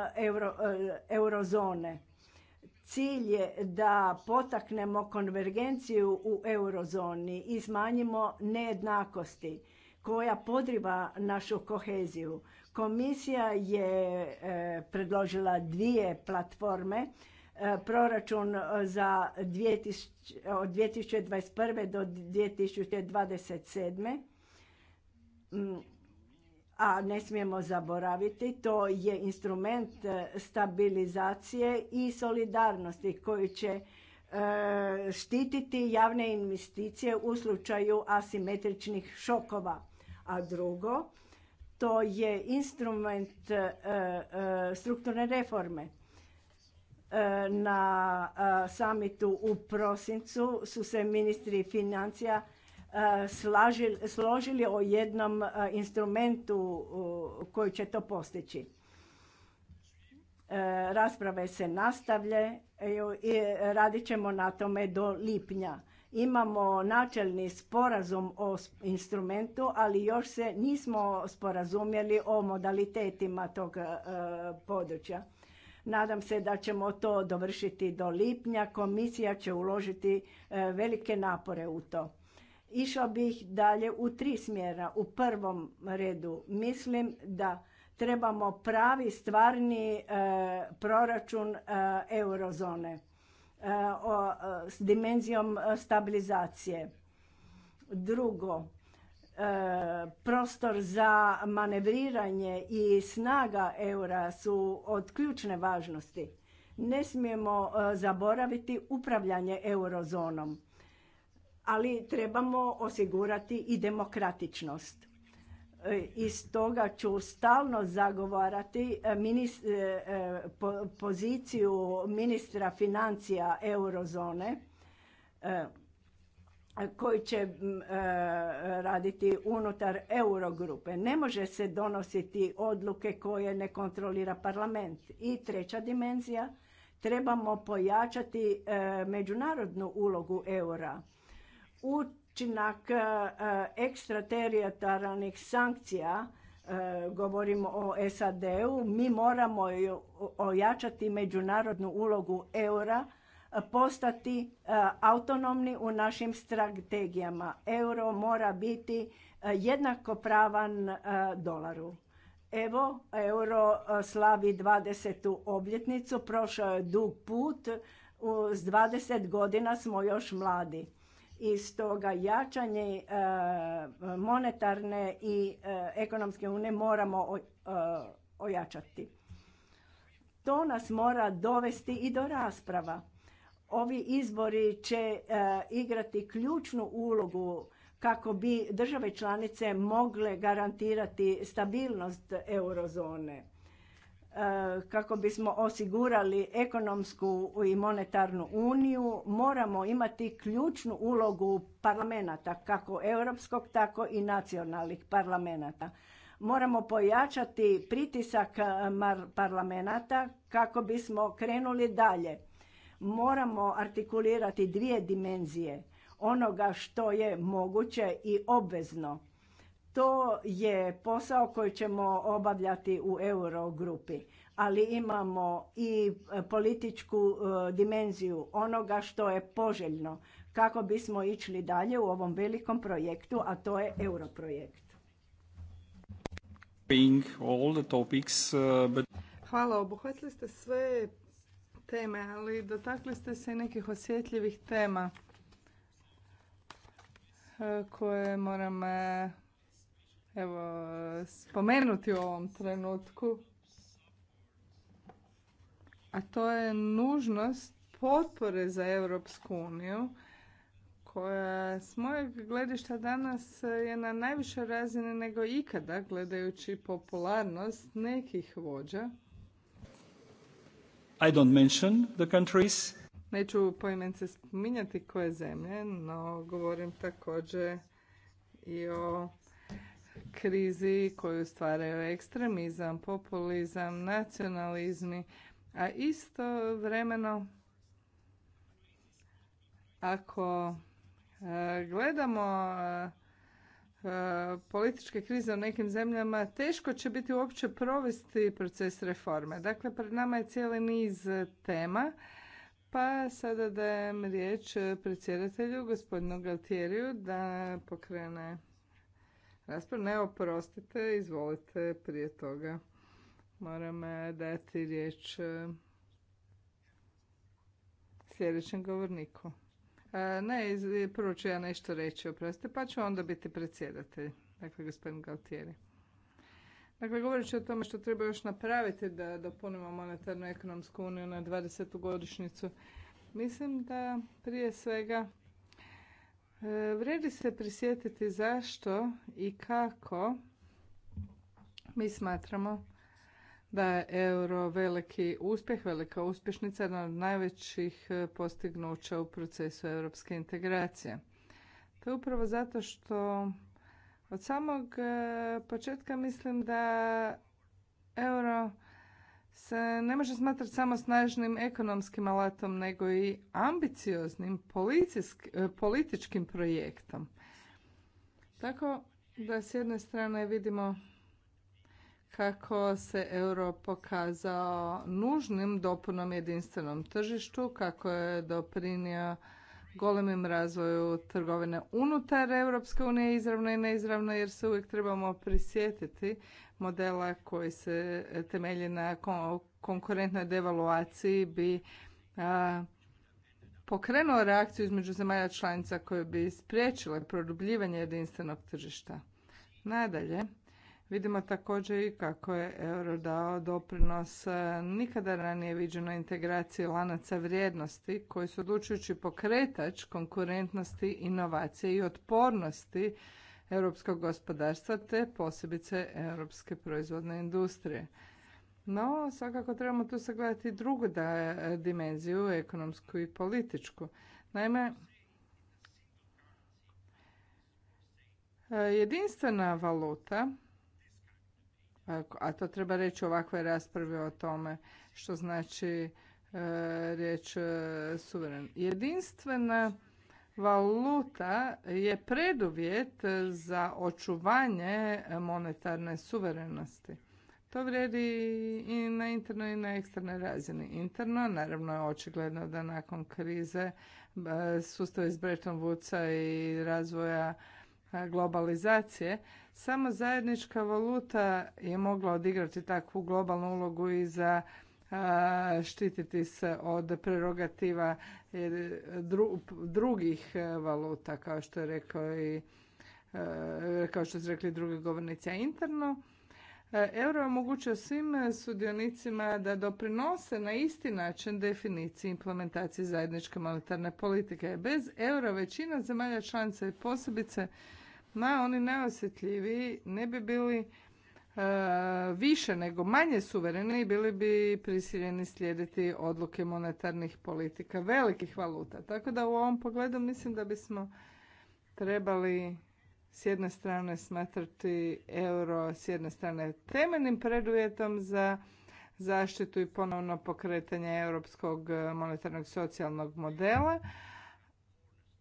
eurozone. Cilj je da potaknemo konvergenciju u eurozoni i smanjimo nejednakosti koja podriva našu koheziju. Komisija je e, predložila dvije platforme e, proračun e, za 2000, od 2021. do 2027. Mm, a ne smijemo zaboraviti, to je instrument stabilizacije i solidarnosti koji će štititi javne investicije u slučaju asimetričnih šokova. A drugo, to je instrument e, e, strukturne reforme. E, na samitu u prosincu su se ministri financija složili o jednom instrumentu koji će to postići. Rasprave se nastavljaju i radit ćemo na tome do lipnja. Imamo načelni sporazum o instrumentu, ali još se nismo sporazumjeli o modalitetima tog e, područja. Nadam se da ćemo to dovršiti do lipnja. Komisija će uložiti e, velike napore u to. Išao bih dalje u tri smjera. U prvom redu mislim da trebamo pravi stvarni e, proračun eurozone Eh, eh, s dimenzijom eh, stabilizacije. Drugo, prostor za manevriranje i snaga eura su od ključne važnosti. Ne smijemo zaboraviti upravljanje eurozonom, ali trebamo osigurati i demokratičnost. E, i stoga ću stalno zagovarati e, e, poziciju ministra financija eurozone koji će raditi unutar eurogrupe. Ne može se donositi odluke koje ne kontrolira parlament. I treća dimenzija, trebamo pojačati međunarodnu ulogu eura. U učinak e, e, ekstraterijalnih sankcija, e, govorimo o SAD-u, mi moramo ojačati međunarodnu ulogu eura, postati autonomni u našim strategijama. Euro mora biti jednako pravan dolaru. Evo, euro slavi 20. obljetnicu, prošao je dug put, s 20 godina smo još mladi i stoga jačanje e, monetarne i e, ekonomske unije moramo e, ojačati. To nas mora dovesti i do rasprava. Ovi izbori će igrati ključnu ulogu kako bi države članice mogle garantirati stabilnost eurozone. Eh, kako bismo osigurali ekonomsku i monetarnu uniju moramo imati ključnu ulogu parlamenata kako europskog tako i nacionalnih parlamenata. Moramo pojačati pritisak eh, parlamenata kako bismo krenuli dalje. Moramo artikulirati dvije dimenzije onoga što je moguće i obvezno to je posao koji ćemo obavljati u Eurogrupi, ali imamo i e, političku e, dimenziju onoga što je poželjno kako bismo išli dalje u ovom velikom projektu, a to je Europrojekt. E, Hvala, obuhvatili ste sve teme, ali dotakli ste se i nekih osjetljivih tema koje moram evo, spomenuti u ovom trenutku, a to je nužnost potpore za Europsku uniju, koja s mojeg gledišta danas je na najvišoj razini nego ikada, gledajući popularnost nekih vođa. I don't mention the countries. Neću poimence spominjati koje zemlje, no govorim također i o krizi koju stvaraju ekstremizam, populizam, nacionalizmi, a isto vremeno ako e, gledamo e, e, političke krize u nekim zemljama, teško će biti uopće provesti proces reforme. Dakle, pred nama je cijeli niz tema. Pa sada dajem riječ predsjedatelju, gospodinu Galtjeriju, da pokrene raspravu. Ne, oprostite, izvolite prije toga. Moram eh, dati riječ eh, sljedećem govorniku. Eh, ne, prvo ću ja nešto reći, oprostite, pa ću onda biti predsjedatelj, dakle gospodin Galtieri. Dakle, govorit o tome što treba još napraviti da dopunimo monetarnu ekonomsku uniju na 20. godišnicu. Mislim da prije svega Vredi se prisjetiti zašto i kako mi smatramo da je euro veliki uspjeh, velika uspješnica, jedna od najvećih e, postignuća u procesu europske integracije. To je upravo zato što od samog e, početka mislim da euro se ne može smatrati samo snažnim ekonomskim alatom, nego i ambicioznim e, političkim projektom. Tako da s jedne strane vidimo kako se euro pokazao nužnim dopunom jedinstvenom tržištu, kako je doprinio golemim razvoju trgovine unutar Europske unije izravno i neizravno jer se uvijek trebamo prisjetiti modela koji se temelji na konkurentnoj devaluaciji bi pokrenuo reakciju između zemalja članica koje bi spriječile produbljivanje jedinstvenog tržišta. Nadalje, vidimo također i kako je euro dao doprinos nikada ranije viđenoj integraciji lanaca vrijednosti koji su odlučujući pokretač konkurentnosti, inovacije i otpornosti europskog gospodarstva te posebice europske proizvodne industrije. No, svakako trebamo tu sagledati drugu da, dimenziju, ekonomsku i političku. Naime, jedinstvena valuta, a to treba reći ovakve rasprave o tome što znači e, riječ e, suveren. Jedinstvena valuta je preduvjet za očuvanje monetarne suverenosti. To vrijedi i na internoj i na eksternoj razini. Interno, naravno je očigledno da nakon krize e, sustav iz Bretton Woodsa i razvoja e, globalizacije, samo zajednička valuta je mogla odigrati takvu globalnu ulogu i za štititi se od prerogativa drugih e, valuta, kao što je rekao i e, kao što su rekli drugi govornici, a interno e, Euro omogućuje svim sudionicima da doprinose na isti način definiciji implementacije zajedničke monetarne politike. Bez euro većina zemalja članica i posebice na oni najosjetljiviji ne bi bili E, više nego manje suvereni bili bi prisiljeni slijediti odluke monetarnih politika velikih valuta. Tako da u ovom pogledu mislim da bismo trebali s jedne strane smatrati euro s jedne strane temeljnim preduvjetom za zaštitu i ponovno pokretanje europskog monetarnog socijalnog modela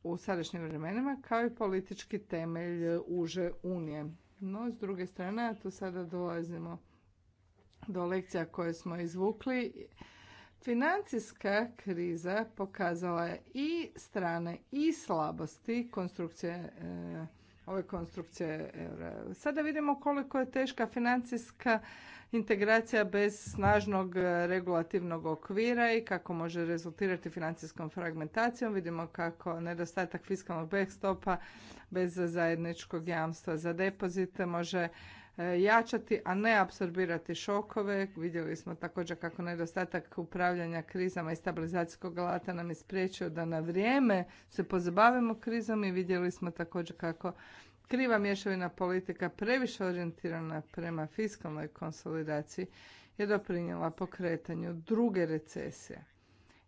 u sadašnjim vremenima kao i politički temelj uže unije. No, s druge strane, tu sada dolazimo do lekcija koje smo izvukli, financijska kriza pokazala je i strane i slabosti konstrukcije e, ove konstrukcije Sada vidimo koliko je teška financijska integracija bez snažnog e, regulativnog okvira i kako može rezultirati financijskom fragmentacijom. Vidimo kako nedostatak fiskalnog backstopa bez zajedničkog jamstva za depozite može E, jačati, a ne apsorbirati šokove. Vidjeli smo također kako nedostatak upravljanja krizama i stabilizacijskog alata nam je spriječio da na vrijeme se pozabavimo krizom i vidjeli smo također kako kriva mješavina politika previše orijentirana prema fiskalnoj konsolidaciji je doprinjela pokretanju druge recesije.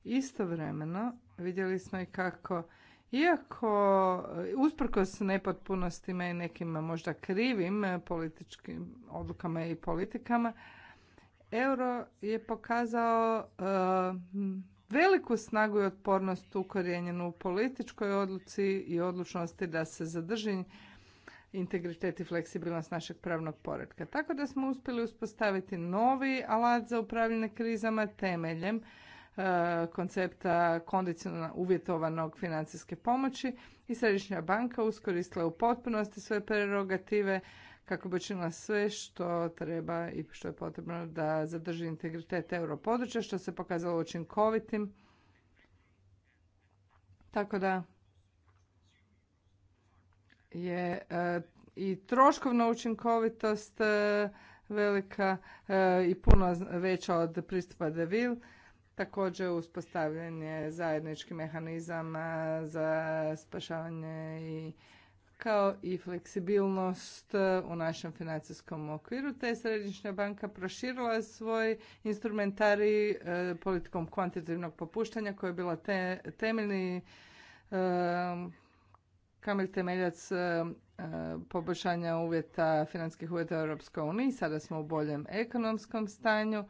Istovremeno vidjeli smo i kako iako, usprkos nepotpunostima i nekim možda krivim eh, političkim odlukama i politikama, euro je pokazao eh, veliku snagu i otpornost ukorijenjenu u političkoj odluci i odlučnosti da se zadrži integritet i fleksibilnost našeg pravnog poretka. Tako da smo uspjeli uspostaviti novi alat za upravljanje krizama temeljem E, koncepta kondicionalno uvjetovanog financijske pomoći i Središnja banka uskoristila u potpunosti svoje prerogative kako bi učinila sve što treba i što je potrebno da zadrži integritet europodručja, što se pokazalo učinkovitim. Tako da je e, i troškovna učinkovitost e, velika i puno veća od pristupa Deville Također uspostavljen je zajednički mehanizam za spašavanje i kao i fleksibilnost e, u našem financijskom okviru. Te središnja banka proširila svoj instrumentari e, politikom kvantitivnog popuštanja koja je bila temeljni e, temeljac poboljšanja uvjeta, financijskih uvjeta u Europskoj uniji. Sada smo u boljem ekonomskom stanju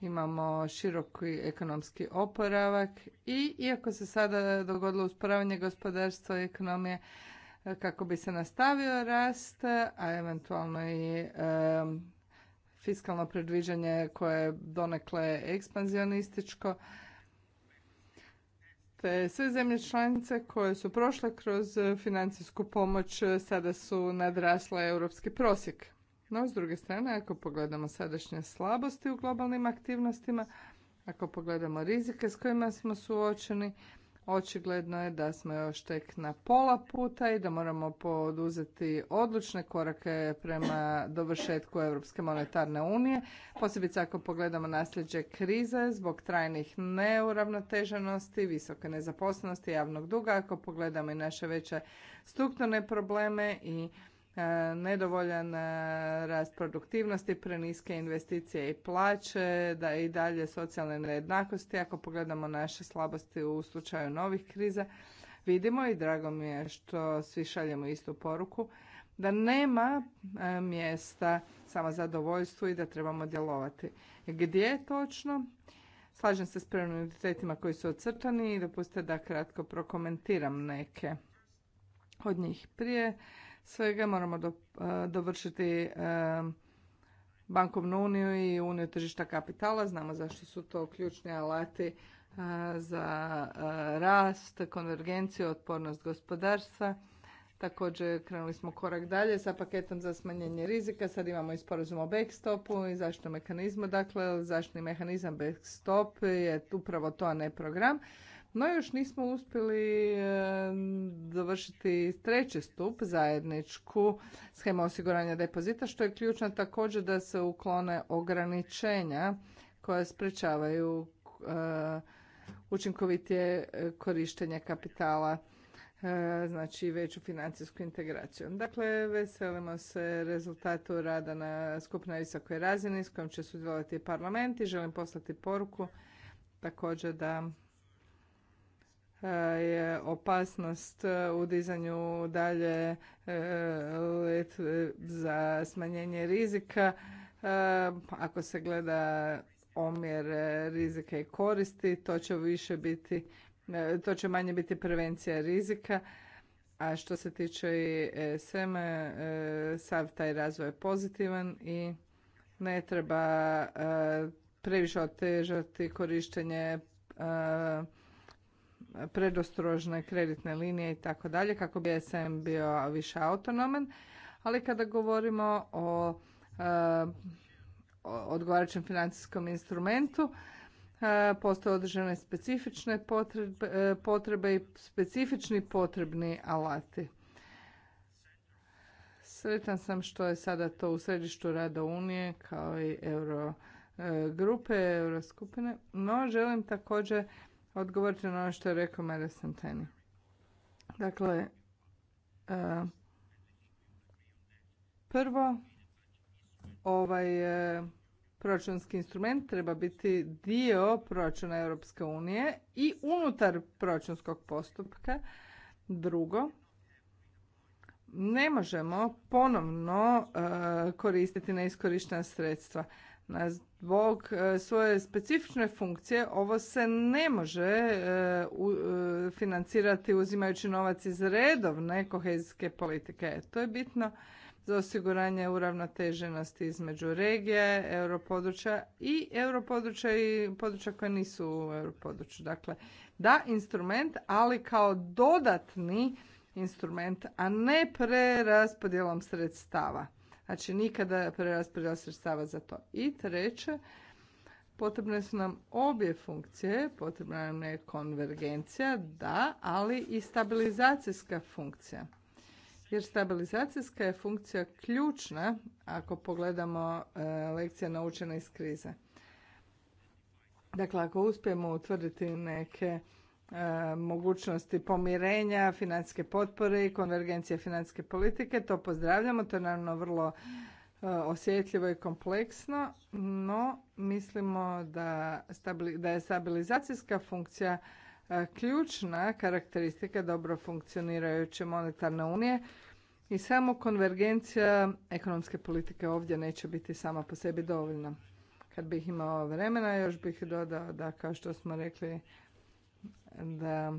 imamo široki ekonomski oporavak i iako se sada dogodilo usporavanje gospodarstva i ekonomije e, kako bi se nastavio rast, a eventualno i fiskalno predviđanje koje je donekle ekspanzionističko, te sve zemlje članice koje su prošle kroz financijsku pomoć e, sada su nadrasle europski prosjek. No, s druge strane, ako pogledamo sadašnje slabosti u globalnim aktivnostima, ako pogledamo rizike s kojima smo suočeni, očigledno je da smo još tek na pola puta i da moramo poduzeti odlučne korake prema dovršetku Europske monetarne unije, posebice ako pogledamo nasljeđe krize zbog trajnih neuravnoteženosti, visoke nezaposlenosti javnog duga, ako pogledamo i naše veće strukturne probleme i E, nedovoljan e, rast produktivnosti, preniske investicije i plaće, da i dalje socijalne nejednakosti. Ako pogledamo naše slabosti u slučaju novih kriza, vidimo i drago mi je što svi šaljemo istu poruku, da nema e, mjesta samo zadovoljstvu i da trebamo djelovati. Gdje točno? Slažem se s prioritetima koji su ocrtani i dopustite da kratko prokomentiram neke od njih. Prije svega moramo do, e, dovršiti e, bankovnu uniju i uniju tržišta kapitala. Znamo zašto su to ključni alati e, za rast, konvergenciju, otpornost gospodarstva. Također krenuli smo korak dalje sa paketom za smanjenje rizika. Sad imamo i sporazum o backstopu i zaštitnom mehanizmu. Dakle, zaštitni mehanizam backstop je upravo to, a ne program. No još nismo uspjeli dovršiti e, treći stup, zajedničku schema osiguranja depozita, što je ključno također da se uklone ograničenja koja sprečavaju e, učinkovitije e, korištenje kapitala znači veću financijsku integraciju. Dakle, veselimo se rezultatu rada na skupnoj visokoj razini s kojom će sudjelovati parlament i želim poslati poruku također da je opasnost u dizanju dalje e, e, za smanjenje rizika. E, ako se gleda omjer rizika i koristi, to će više biti, to će manje biti prevencija rizika. A što se tiče i SM, sav taj razvoj je pozitivan i ne treba previše otežati korištenje predostrožne kreditne linije i tako dalje kako bi SM bio više autonoman. Ali kada govorimo o, e, odgovarajućem financijskom instrumentu, e, postoje određene specifične potrebe, e, potrebe i specifični potrebni alati. Sretan sam što je sada to u središtu rada Unije kao i euro grupe, euro no želim također Odgovoriti na ono što je rekao Mare Santeni. Dakle, e, prvo, ovaj e, proračunski instrument treba biti dio proračuna Europske unije i unutar proračunskog postupka. Drugo, ne možemo ponovno e, koristiti neiskorištena sredstva. Zbog e, svoje specifične funkcije ovo se ne može e, e, financirati uzimajući novac iz redovne kohezijske politike. To je bitno za osiguranje uravnoteženosti između regije, europodručja i europodručja i područja koja nisu u europodručju. Dakle, da instrument, ali kao dodatni instrument, a ne preraspodjelom sredstava. Znači nikada preraspodjela sredstava za to. I treće, potrebne su nam obje funkcije, potrebna nam je konvergencija, da, ali i stabilizacijska funkcija. Jer stabilizacijska je funkcija ključna ako pogledamo e, lekcije naučene iz krize. Dakle, ako uspijemo utvrditi neke E, mogućnosti pomirenja, financijske potpore i konvergencije financijske politike. To pozdravljamo, to je naravno vrlo e, osjetljivo i kompleksno, no mislimo da, da je stabilizacijska funkcija e, ključna karakteristika dobro funkcionirajuće monetarne unije i samo konvergencija ekonomske politike ovdje neće biti sama po sebi dovoljna. Kad bih imao vremena, još bih dodao da, kao što smo rekli da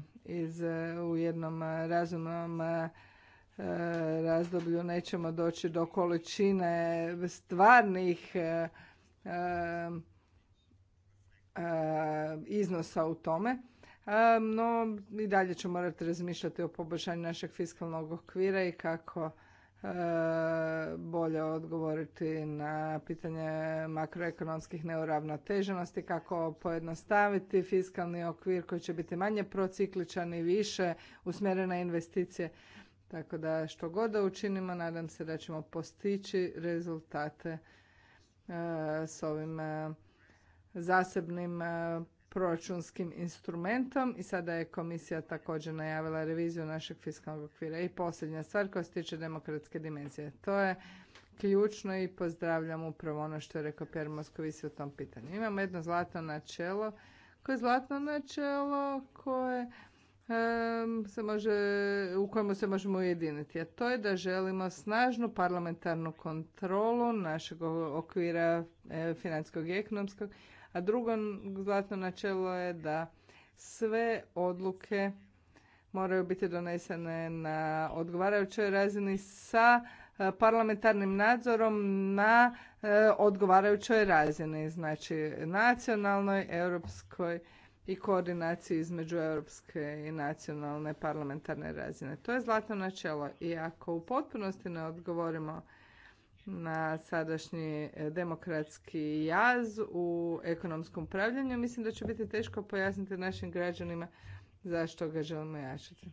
u jednom razumnom e, razdoblju nećemo doći do količine stvarnih e, e, iznosa u tome. No, i dalje ćemo morati razmišljati o poboljšanju našeg fiskalnog okvira i kako E, bolje odgovoriti na pitanje makroekonomskih neuravnoteženosti, kako pojednostaviti fiskalni okvir koji će biti manje procikličan i više usmjeren investicije. Tako da što god da učinimo, nadam se da ćemo postići rezultate e, s ovim e, zasebnim proračunskim instrumentom i sada je komisija također najavila reviziju našeg fiskalnog okvira. I posljednja stvar koja se tiče demokratske dimenzije. To je ključno i pozdravljam upravo ono što je rekao Pierre se u tom pitanju. Imamo jedno zlatno načelo koje je zlatno načelo koje se može, u kojemu se možemo ujediniti. A to je da želimo snažnu parlamentarnu kontrolu našeg okvira e, financijskog i ekonomskog a drugo zlatno načelo je da sve odluke moraju biti donesene na odgovarajućoj razini sa e, parlamentarnim nadzorom na e, odgovarajućoj razini, znači nacionalnoj, europskoj i koordinaciji između europske i nacionalne parlamentarne razine. To je zlatno načelo i ako u potpunosti ne odgovorimo na sadašnji e, demokratski jaz u ekonomskom upravljanju. Mislim da će biti teško pojasniti našim građanima zašto ga želimo jačati.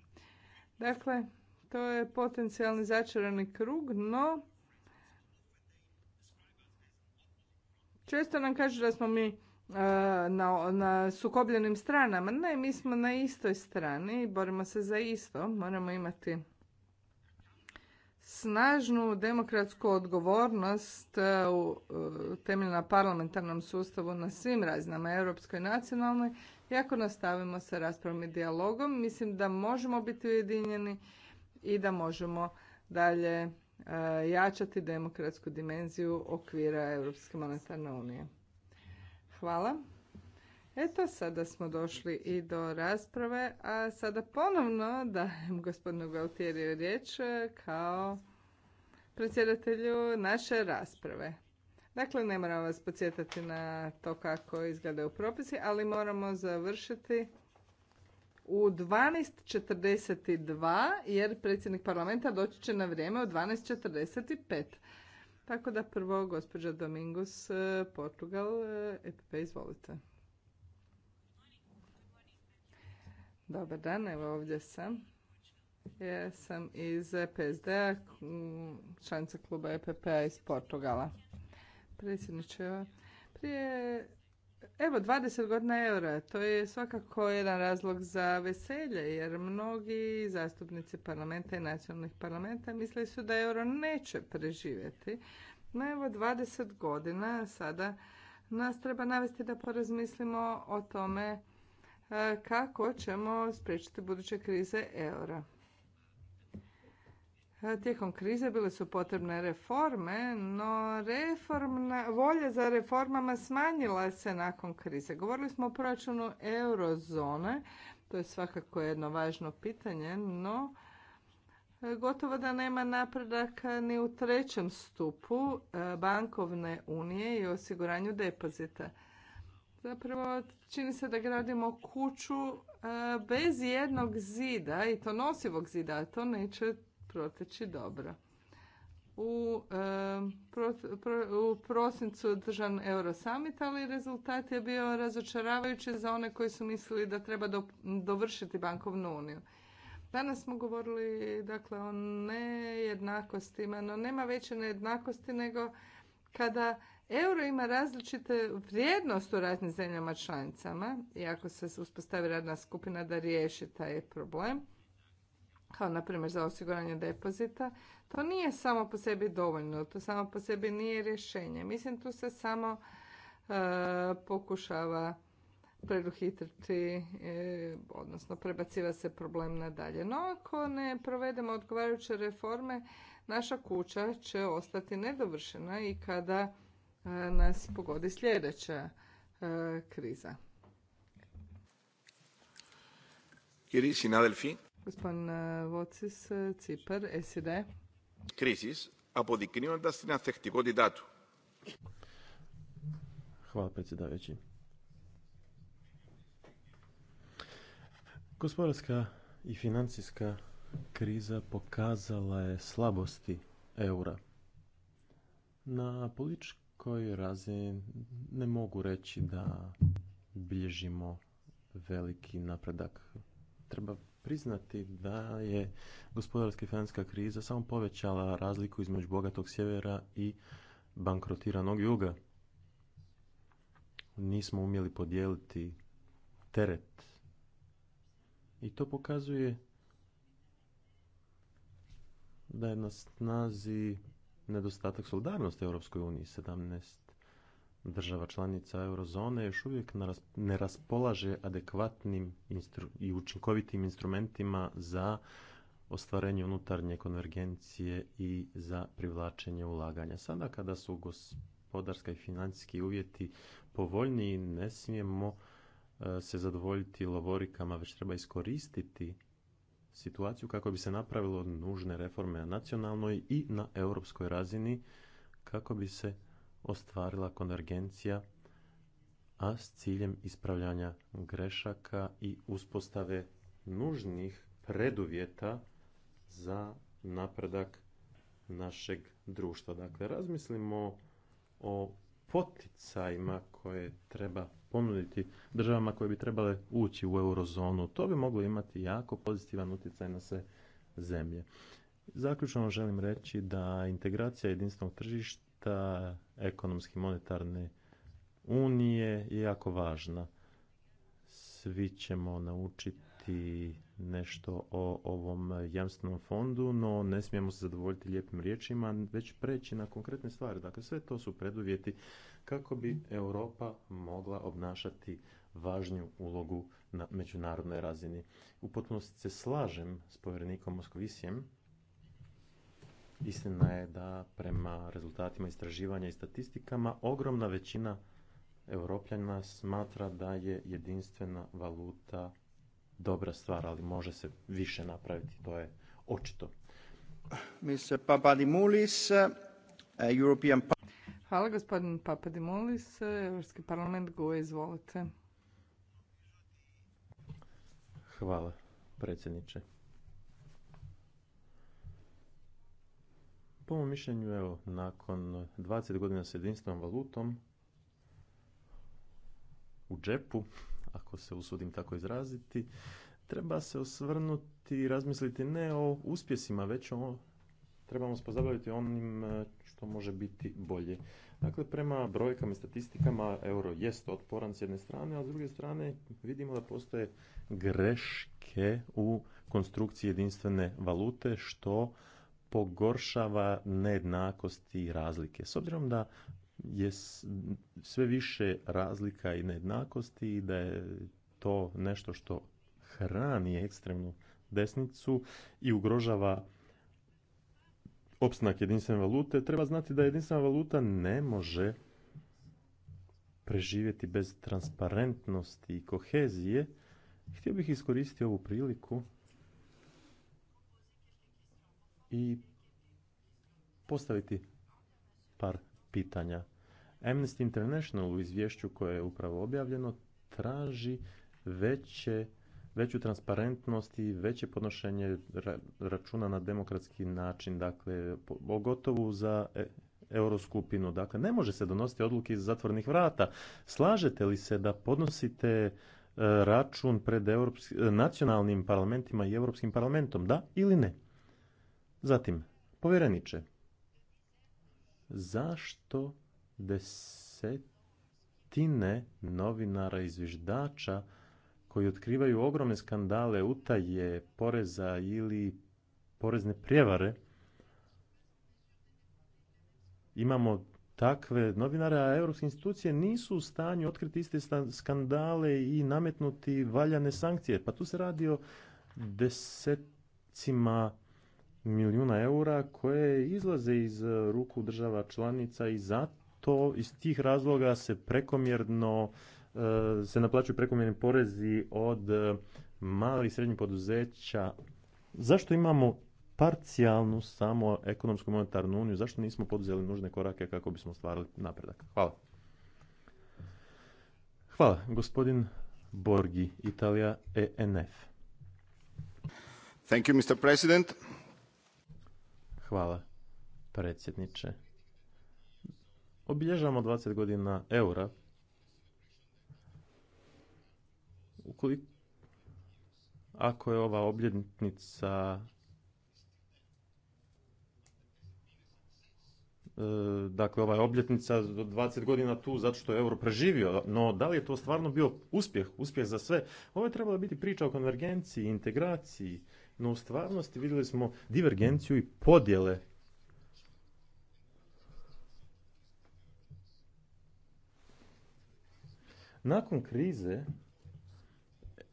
Dakle, to je potencijalni začarani krug, no često nam kažu da smo mi e, na, na sukobljenim stranama. Ne, mi smo na istoj strani i borimo se za isto. Moramo imati snažnu demokratsku odgovornost e, u e, na parlamentarnom sustavu na svim razinama, europskoj i nacionalnoj, i ako nastavimo sa raspravom i dijalogom, mislim da možemo biti ujedinjeni i da možemo dalje e, jačati demokratsku dimenziju okvira Europske monetarne unije. Hvala. Eto, sada smo došli i do rasprave, a sada ponovno dajem gospodinu Gautieriju riječ kao predsjedatelju naše rasprave. Dakle, ne moram vas podsjetati na to kako izgledaju propisi, ali moramo završiti u 12.42 jer predsjednik parlamenta doći će na vrijeme u 12.45. Tako da prvo gospođa Domingos, e, Portugal, EPP, e izvolite. Dobar dan, evo ovdje sam. Ja sam iz psd a mm, članica kluba EPP-a iz Portugala. Predsjedniče, prije Evo, 20 godina eura, to je svakako jedan razlog za veselje, jer mnogi zastupnici parlamenta i nacionalnih parlamenta mislili su da euro neće preživjeti. No evo, 20 godina sada nas treba navesti da porazmislimo o tome kako ćemo spriječiti buduće krize eura. E, tijekom krize bile su potrebne reforme, no reformna, volja za reformama smanjila se nakon krize. Govorili smo o proračunu eurozone, to je svakako jedno važno pitanje, no e, gotovo da nema napredaka ni u trećem stupu e, bankovne unije i osiguranju depozita. Zapravo čini se da gradimo kuću bez jednog zida i to nosivog zida, a to neće proteći dobro. U, prosincu je održan Eurosummit, ali rezultat je bio razočaravajući za one koji su mislili da treba dovršiti bankovnu uniju. Danas smo govorili dakle, o nejednakostima, no nema veće nejednakosti nego kada euro ima različite vrijednost u raznim zemljama članicama i se uspostavi radna skupina da riješi taj problem, kao na primjer za osiguranje depozita, to nije samo po sebi dovoljno, to samo po sebi nije rješenje. Mislim tu se samo e, pokušava preduhitriti, e, odnosno prebaciva se problem nadalje. No ako ne provedemo odgovarajuće reforme, naša kuća će ostati nedovršena i kada e, nas pogodi sljedeća kriza. Gospodin eh, Vocis, Cipar, SED. Krizis, se την ανθεκτικότητά του. Hvala predsjedavajući. Gospodarska i financijska kriza pokazala je slabosti eura. Na političkoj razini ne mogu reći da bilježimo veliki napredak. Treba priznati da je gospodarska i financijska kriza samo povećala razliku između bogatog sjevera i bankrotiranog juga. Nismo umjeli podijeliti teret. I to pokazuje da je na snazi nedostatak solidarnosti Europskoj uniji. 17 država članica eurozone još uvijek ne raspolaže adekvatnim i učinkovitim instrumentima za ostvarenje unutarnje konvergencije i za privlačenje ulaganja. Sada kada su gospodarska i financijski uvjeti povoljniji, ne smijemo e, se zadovoljiti lovorikama, već treba iskoristiti situaciju kako bi se napravilo nužne reforme na nacionalnoj i na europskoj razini kako bi se ostvarila konvergencija, a s ciljem ispravljanja grešaka i uspostave nužnih preduvjeta za napredak našeg društva. Dakle, razmislimo o poticajima koje treba ponuditi državama koje bi trebale ući u eurozonu. To bi moglo imati jako pozitivan utjecaj na sve zemlje. Zaključno želim reći da integracija jedinstvenog tržišta ta ekonomski monetarne unije je jako važna. Svi ćemo naučiti nešto o ovom jamstvenom fondu, no ne smijemo se zadovoljiti lijepim riječima, već preći na konkretne stvari. Dakle, sve to su preduvjeti kako bi Europa mogla obnašati važnju ulogu na međunarodnoj razini. U potpunosti se slažem s povjerenikom Moskovisijem Istina je da prema rezultatima istraživanja i statistikama ogromna većina europljana smatra da je jedinstvena valuta dobra stvar, ali može se više napraviti, to je očito. Uh, Hvala gospodin Papadimulis, uh, Europski parlament e, izvolite. Hvala predsjedniče. Po mom mišljenju, evo, nakon 20 godina s jedinstvenom valutom, u džepu, ako se usudim tako izraziti, treba se osvrnuti i razmisliti ne o uspjesima, već o trebamo se pozabaviti onim e, što može biti bolje. Dakle, prema brojkama i statistikama, euro jest otporan s jedne strane, a s druge strane vidimo da postoje greške u konstrukciji jedinstvene valute, što pogoršava nejednakosti i razlike. S obzirom da je sve više razlika i nejednakosti i da je to nešto što hrani ekstremnu desnicu i ugrožava opstanak jedinstvene valute, treba znati da jedinstvena valuta ne može preživjeti bez transparentnosti i kohezije. Htio bih iskoristiti ovu priliku i postaviti par pitanja. Amnesty International u izvješću koje je upravo objavljeno traži veće, veću transparentnost i veće podnošenje računa na demokratski način, dakle, pogotovo za e, euroskupinu. Dakle, ne može se donositi odluke iz zatvornih vrata. Slažete li se da podnosite e, račun pred nacionalnim parlamentima i Europskim parlamentom, da ili ne? Zatim, povjereniče, zašto desetine novinara i zviždača koji otkrivaju ogromne skandale utaje poreza ili porezne prijevare, imamo takve novinare, a europske institucije nisu u stanju otkriti iste skandale i nametnuti valjane sankcije. Pa tu se radi o desetcima milijuna eura koje izlaze iz e, ruku država članica i zato iz tih razloga se prekomjerno e, se naplaćuju prekomjerni porezi od e, malih i srednjih poduzeća. Zašto imamo parcijalnu samo ekonomsku monetarnu uniju? Zašto nismo poduzeli nužne korake kako bismo stvarali napredak? Hvala. Hvala. Gospodin Borgi, Italija, ENF. Thank you, Mr. President. Hvala, predsjedniče. Obilježavamo 20 godina eura. ako je ova obljetnica e, dakle ova je obljetnica 20 godina tu zato što je euro preživio, no da li je to stvarno bio uspjeh, uspjeh za sve? Ovo je trebala biti priča o konvergenciji, integraciji, no u stvarnosti vidjeli smo divergenciju i podjele Nakon krize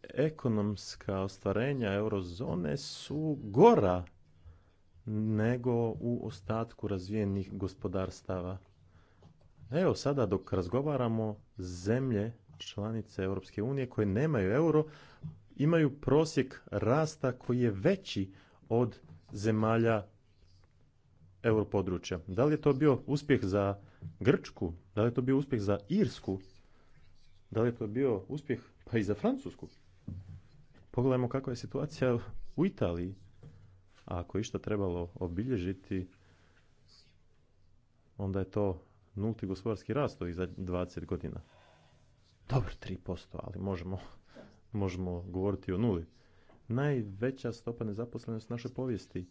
ekonomska ostvarenja eurozone su gora nego u ostatku razvijenih gospodarstava. Evo sada dok razgovaramo zemlje članice Europske unije koje nemaju euro imaju prosjek rasta koji je veći od zemalja europodručja. Da li je to bio uspjeh za Grčku? Da li je to bio uspjeh za Irsku? Da li je to bio uspjeh pa i za Francusku? Pogledajmo kakva je situacija u Italiji. A ako išta trebalo obilježiti, onda je to nulti gospodarski rast ovih za 20 godina. Dobro, 3%, ali možemo možemo govoriti o nuli. Najveća stopa nezaposlenosti naše povijesti.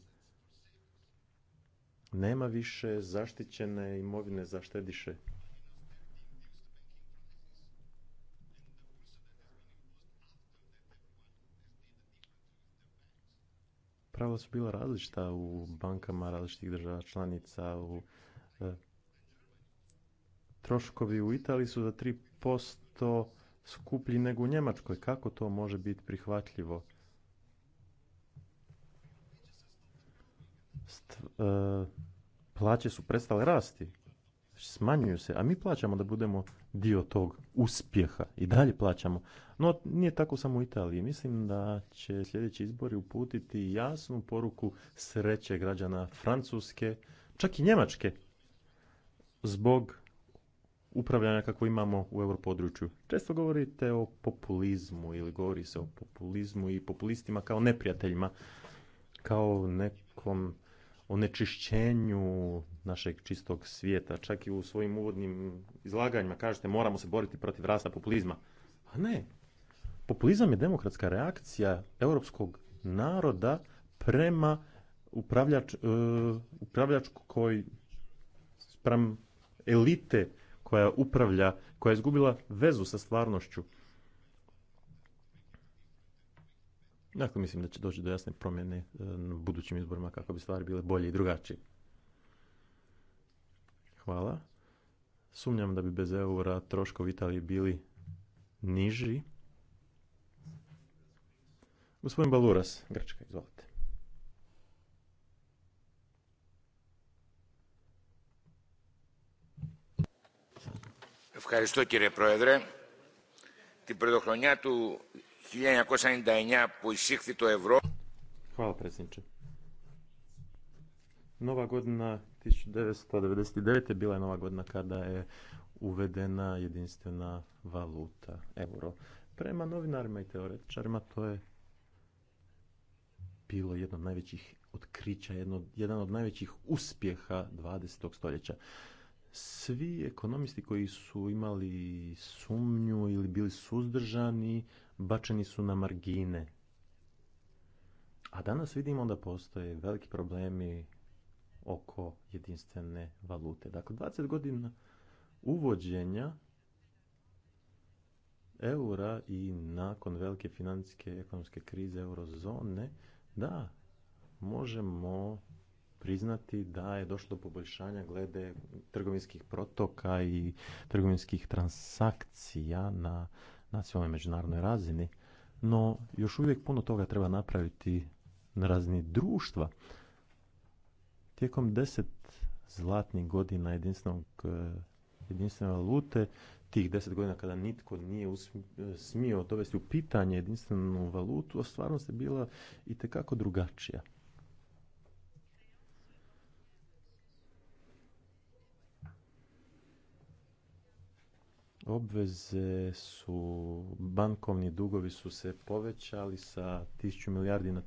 Nema više zaštićene imovine za štediše. Prava su bila različita u bankama različitih država članica. U, e, troškovi u Italiji su za 3% skuplji nego u Njemačkoj. Kako to može biti prihvatljivo? E, plaće su prestale rasti, smanjuju se, a mi plaćamo da budemo dio tog uspjeha i dalje plaćamo. No, nije tako samo u Italiji. Mislim da će sljedeći izbori uputiti jasnu poruku sreće građana Francuske, čak i Njemačke, zbog upravljanja kako imamo u europodručju. Često govorite o populizmu ili govori se o populizmu i populistima kao neprijateljima, kao nekom onečišćenju našeg čistog svijeta. Čak i u svojim uvodnim izlaganjima kažete moramo se boriti protiv rasta populizma. A pa ne, populizam je demokratska reakcija europskog naroda prema upravljač, uh, e, upravljačkoj spram elite koja upravlja, koja je izgubila vezu sa stvarnošću. Dakle, mislim da će doći do jasne promjene u e, budućim izborima kako bi stvari bile bolje i drugačije. Hvala. Sumnjam da bi bez eura troškovi Italije bili niži. Gospodin Baluras, Grčka, izvolite. Ευχαριστώ κύριε Πρόεδρε. Την πρωτοχρονιά του 1999 που εισήχθη το ευρώ... Hvala predsjedniče. Nova godina 1999. je bila je nova godina kada je uvedena jedinstvena valuta, euro. Prema novinarima i teoretičarima to je bilo jedno od najvećih otkrića, jedno, jedan od najvećih uspjeha 20. stoljeća svi ekonomisti koji su imali sumnju ili bili suzdržani, bačeni su na margine. A danas vidimo da postoje veliki problemi oko jedinstvene valute. Dakle, 20 godina uvođenja eura i nakon velike financijske ekonomske krize eurozone, da, možemo priznati da je došlo do poboljšanja glede trgovinskih protoka i trgovinskih transakcija na nacionalnoj međunarodnoj razini, no još uvijek puno toga treba napraviti na razini društva. Tijekom deset zlatnih godina jedinstvene valute, tih deset godina kada nitko nije smio dovesti u pitanje jedinstvenu valutu, a stvarnost je bila i tekako drugačija. obveze su, bankovni dugovi su se povećali sa 1000 milijardi na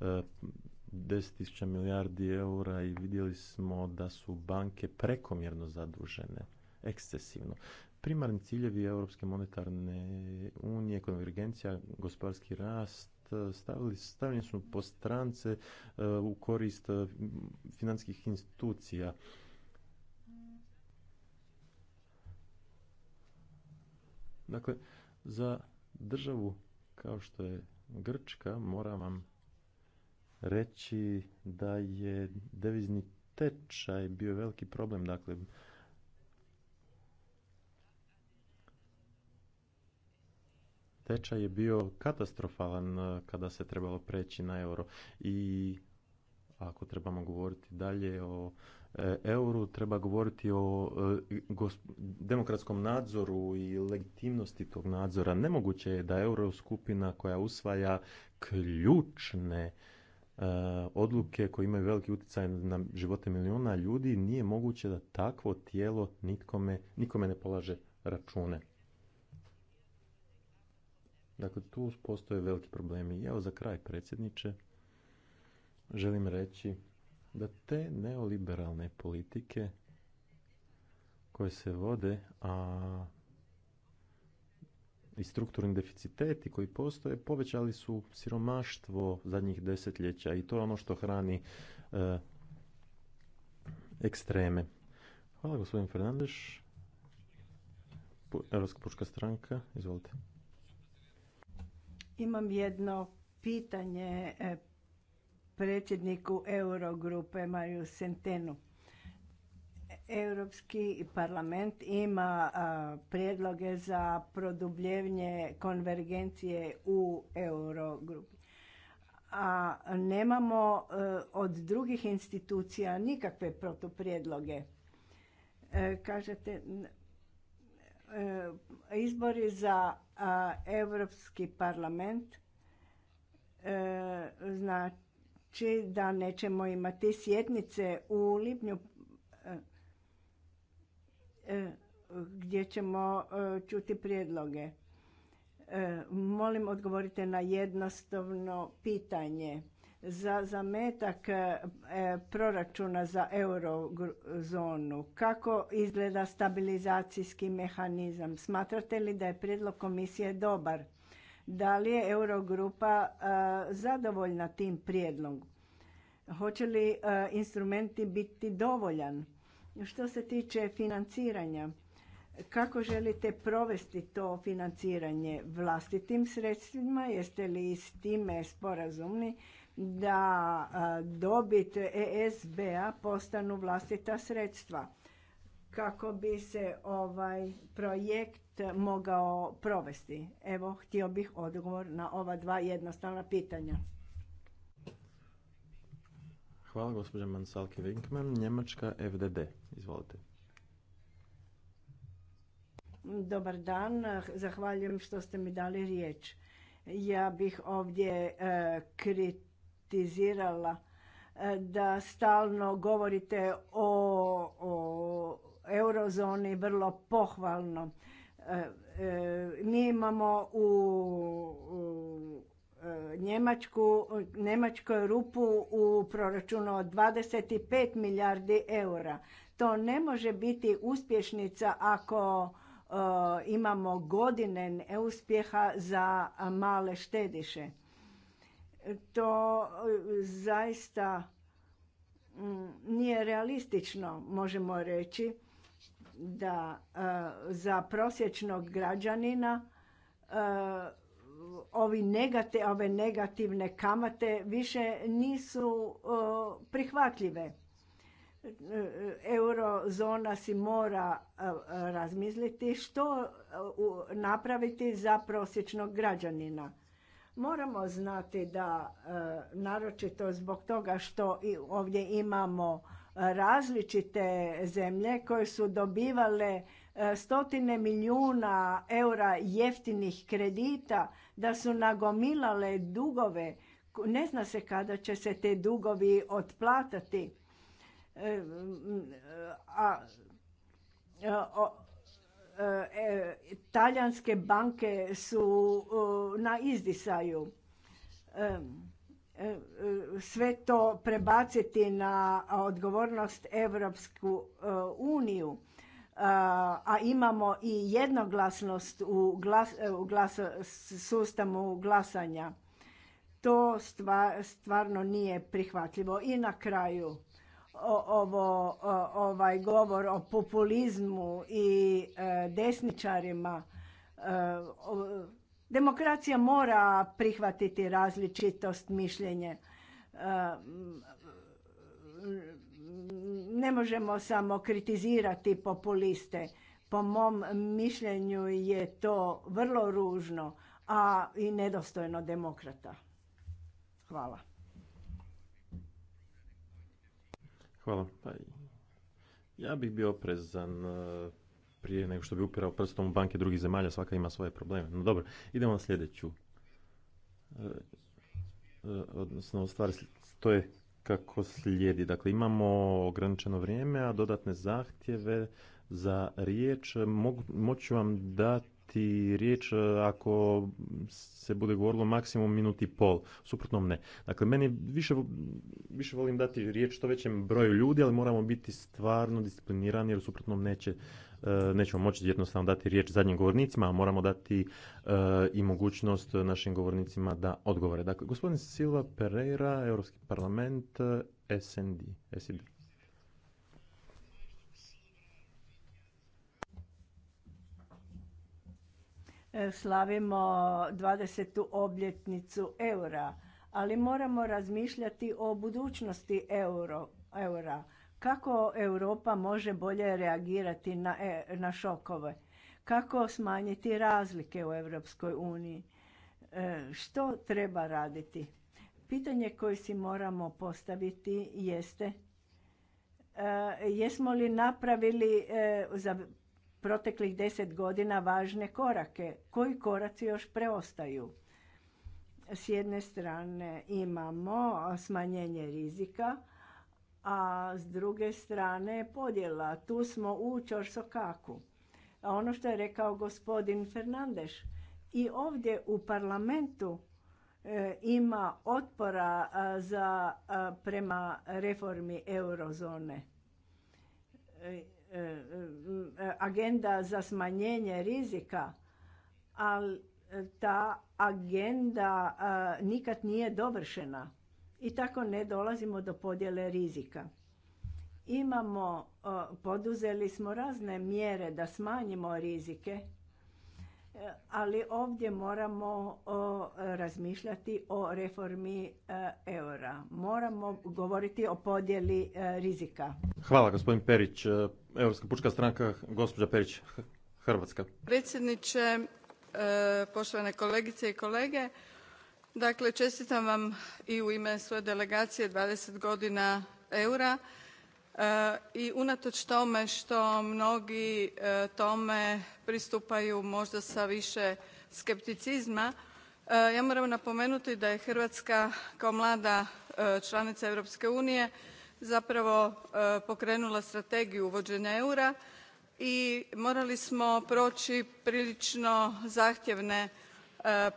10.000 e, milijardi eura i vidjeli smo da su banke prekomjerno zadužene, ekscesivno. Primarni ciljevi Europske monetarne unije, konvergencija, gospodarski rast, stavili, stavljeni su po strance e, u korist financijskih institucija Dakle, za državu kao što je Grčka, moram vam reći da je devizni tečaj bio veliki problem. Dakle, tečaj je bio katastrofalan eh, kada se trebalo preći na euro i ako trebamo govoriti dalje o E, euru treba govoriti o e, demokratskom nadzoru i legitimnosti tog nadzora. Nemoguće je da euro skupina koja usvaja ključne e, odluke koje imaju veliki utjecaj na živote milijuna ljudi, nije moguće da takvo tijelo nikome, nikome ne polaže račune. Dakle, tu postoje veliki problemi. Evo za kraj, predsjedniče, želim reći da te neoliberalne politike koje se vode, a i strukturni deficiteti koji postoje povećali su siromaštvo zadnjih desetljeća i to je ono što hrani e, ekstreme. Hvala gospodin Fernandeš. Europska pučka stranka, izvolite. Imam jedno pitanje e, predsjedniku Eurogrupe Mariju Sentenu. Europski parlament ima prijedloge za produbljenje konvergencije u Eurogrupi. A nemamo e, od drugih institucija nikakve protuprijedloge. E, kažete, e, izbori za Europski parlament znači znači da nećemo imati sjednice u lipnju e, e, gdje ćemo e, čuti prijedloge. Molim odgovorite na jednostavno pitanje. Za zametak proračuna za eurozonu, kako izgleda stabilizacijski mehanizam? Smatrate li da je prijedlog komisije dobar? Da li je Eurogrupa e, zadovoljna tim prijedlogom? Hoće li e, instrumenti biti dovoljan? Što se tiče financiranja, kako želite provesti to financiranje vlastitim sredstvima? Jeste li s time sporazumni da e, dobit ESB-a postanu vlastita sredstva? kako bi se ovaj projekt mogao provesti? Evo, htio bih odgovor na ova dva jednostavna pitanja. Hvala gospođa Mansalki Winkman, Njemačka FDD. Izvolite. Dobar dan, zahvaljujem što ste mi dali riječ. Ja bih ovdje e, kritizirala e, da stalno govorite o, o eurozoni vrlo pohvalno. E, e, mi imamo u e, Njemačku, Njemačkoj rupu u proračunu od 25 milijardi eura. To ne može biti uspješnica ako imamo godine neuspjeha za male štediše. To zaista mm, nije realistično, možemo reći da e, za prosječnog građanina e, ovi ove negativne kamate više nisu e, prihvatljive. Eurozona si mora razmisliti što napraviti za prosječnog građanina. Moramo znati da, naročito zbog toga što ovdje imamo različite zemlje koje su dobivale e, stotine milijuna eura jeftinih kredita, da su nagomilale dugove. Ne zna se kada će se te dugovi otplatati. E, a, e, talijanske banke su na izdisaju. E, sve to prebaciti na odgovornost Evropsku e, uniju, e, a imamo i jednoglasnost u, sustavu glasanja. To stvarno nije prihvatljivo. I na kraju ovo, ovaj govor o populizmu i desničarima Demokracija mora prihvatiti različitost mišljenje. Ne možemo samo kritizirati populiste. Po mom mišljenju je to vrlo ružno, a i nedostojno demokrata. Hvala. Hvala. Pa, ja bih bio oprezan e, prije nego što bi upirao prstom u banke drugih zemalja, svaka ima svoje probleme. No dobro, idemo na sljedeću. E, e, odnosno, stvari to je kako slijedi. Dakle, imamo ograničeno vrijeme, a dodatne zahtjeve za riječ. Mogu, moću vam dati ti riječ e, ako se bude govorilo maksimum minut i pol, Suprotno ne. Dakle, meni više, više volim dati riječ što većem broju ljudi, ali moramo biti stvarno disciplinirani jer suprotnom neće e, nećemo moći jednostavno dati riječ zadnjim govornicima, a moramo dati e, i mogućnost našim govornicima da odgovore. Dakle, gospodin Silva Pereira, Europski parlament, SND. E, slavimo 20. obljetnicu eura, ali moramo razmišljati o budućnosti euro, eura. Kako Europa može bolje reagirati na, e, na šokove? Kako smanjiti razlike u Europskoj uniji? E, što treba raditi? Pitanje koje si moramo postaviti jeste jesmo li napravili za proteklih deset godina važne korake. Koji koraci još preostaju? S jedne strane imamo smanjenje rizika, a s druge strane podjela. Tu smo u Čorsokaku. A ono što je rekao gospodin Fernandeš, i ovdje u parlamentu e, ima otpora za, prema reformi eurozone. E, E, e, agenda za smanjenje rizika, ali ta agenda nikad nije dovršena i tako ne dolazimo do podjele rizika. Imamo, poduzeli smo razne mjere da smanjimo rizike, E, ali ovdje moramo razmišljati o reformi e, eura. Moramo govoriti o podjeli e, rizika. Hvala, gospodin Perić. Europska pučka stranka, gospođa Perić, Hrvatska. Predsjedniče, poštovane kolegice i kolege, dakle čestitam vam i u ime svoje delegacije 20 godina eura i unatoč tome što mnogi tome pristupaju možda sa više skepticizma. E, ja moram napomenuti da je Hrvatska kao mlada e, članica Europske unije zapravo e, pokrenula strategiju uvođenja eura i morali smo proći prilično zahtjevne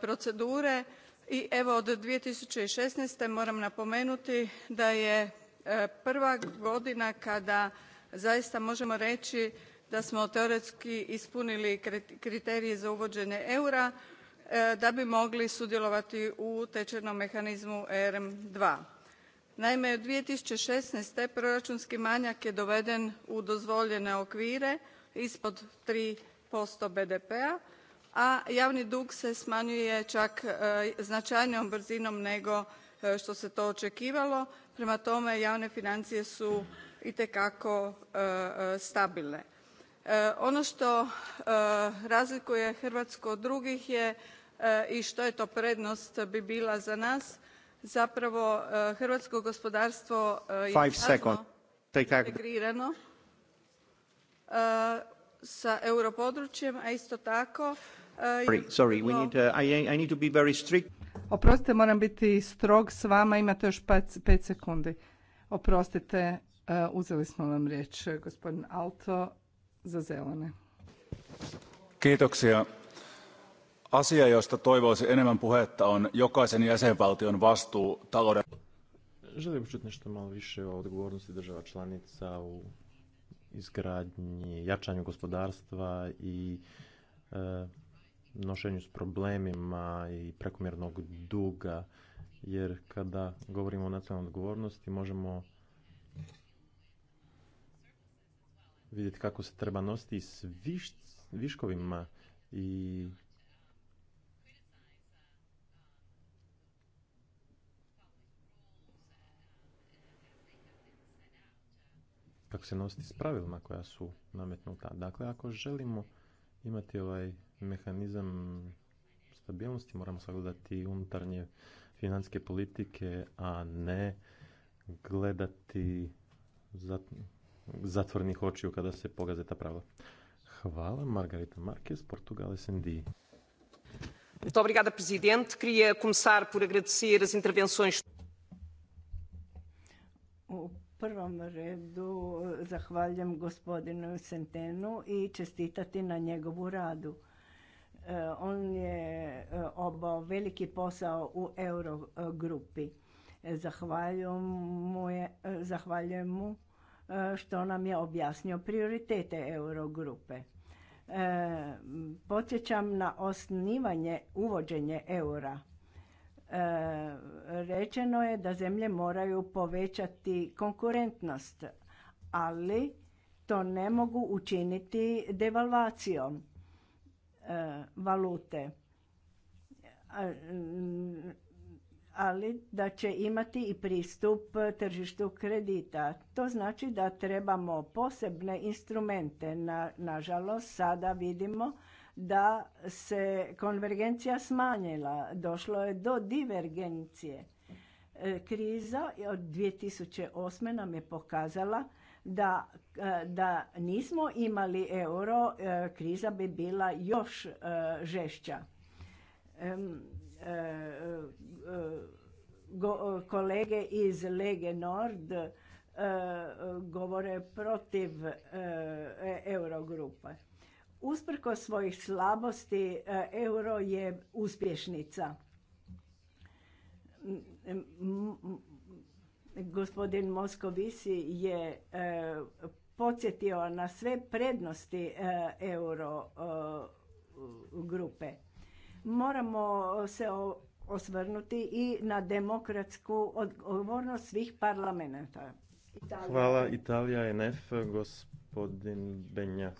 procedure i evo od 2016. moram napomenuti da je prva godina kada zaista možemo reći da smo teoretski ispunili kriterije za uvođenje eura e, da bi mogli sudjelovati u tečajnom mehanizmu ERM II. Naime, 2016. proračunski manjak je doveden u dozvoljene okvire ispod 3% BDP-a, a javni dug se smanjuje čak e, značajnijom brzinom nego e, što se to očekivalo. Prema tome, javne financije su itekako stabilne. E, ono što e, razlikuje Hrvatsku od drugih je e, i što je to prednost bi bila za nas, zapravo hrvatsko gospodarstvo je integrirano sa europodručjem, a isto tako uh, Oprostite, moram biti strog s vama, imate još pet sekundi. Oprostite, uzeli smo vam riječ, gospodin Alto za zelene. Kiitoksia. Asia, josta toivoisi enemmän puhetta, on jokaisen jäsenvaltion vastuu talouden... Želim čuti nešto malo više o odgovornosti država članica u izgradnji, jačanju gospodarstva i e, nošenju s problemima i prekomjernog duga. Jer kada govorimo o nacionalnoj odgovornosti možemo vidjeti kako se treba nositi s viškovima i kako se nositi s pravilima koja su nametnuta. Dakle, ako želimo imati ovaj mehanizam stabilnosti, moramo sagledati unutarnje financijske politike, a ne gledati za zatvornih očiju kada se pogaze ta prava. Hvala, Margarita Marquez, Portugal SND. Muito obrigada, Presidente. Queria começar por agradecer as intervenções. U prvom redu zahvaljam gospodinu Sentenu i čestitati na njegovu radu. E, on je e, obao veliki posao u Eurogrupi. Zahvaljujem mu, je, e, zahvaljujem mu što nam je objasnio prioritete Eurogrupe. E, podsjećam na osnivanje, uvođenje eura. E, rečeno je da zemlje moraju povećati konkurentnost, ali to ne mogu učiniti devalvacijom e, valute ali da će imati i pristup e, tržištu kredita. To znači da trebamo posebne instrumente. nažalost, sada vidimo da se konvergencija smanjila. Došlo je do divergencije. E, kriza od 2008. nam je pokazala da, e, da nismo imali euro, kriza bi bila još žešća. E, e, kolege iz Lege Nord e, govore protiv Eurogrupa. Usprko svojih slabosti, euro je uspješnica. Gospodin Moskovisi je podsjetio na sve prednosti euro grupe. Moramo se osvrnuti i na demokratsku odgovornost svih parlamenta. Hvala, Italija, NF, gospodin Benja.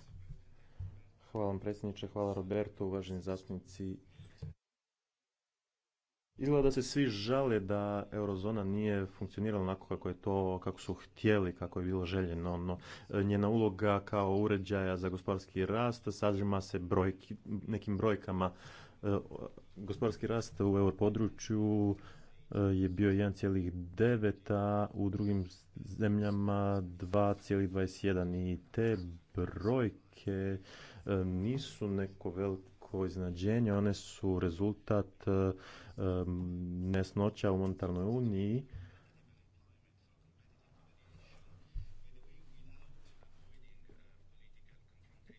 Hvala vam predsjedniče, hvala Roberto, uvaženi zastupnici Izgleda da se svi žale da eurozona nije funkcionirala onako kako je to, kako su htjeli, kako je bilo željeno. No, e, njena uloga kao uređaja za gospodarski rast sažima se brojki, nekim brojkama E, gospodarski rast u području e, je bio 1,9, a u drugim zemljama 2,21 i te brojke e, nisu neko veliko iznadženje, one su rezultat nesnoća u monetarnoj uniji.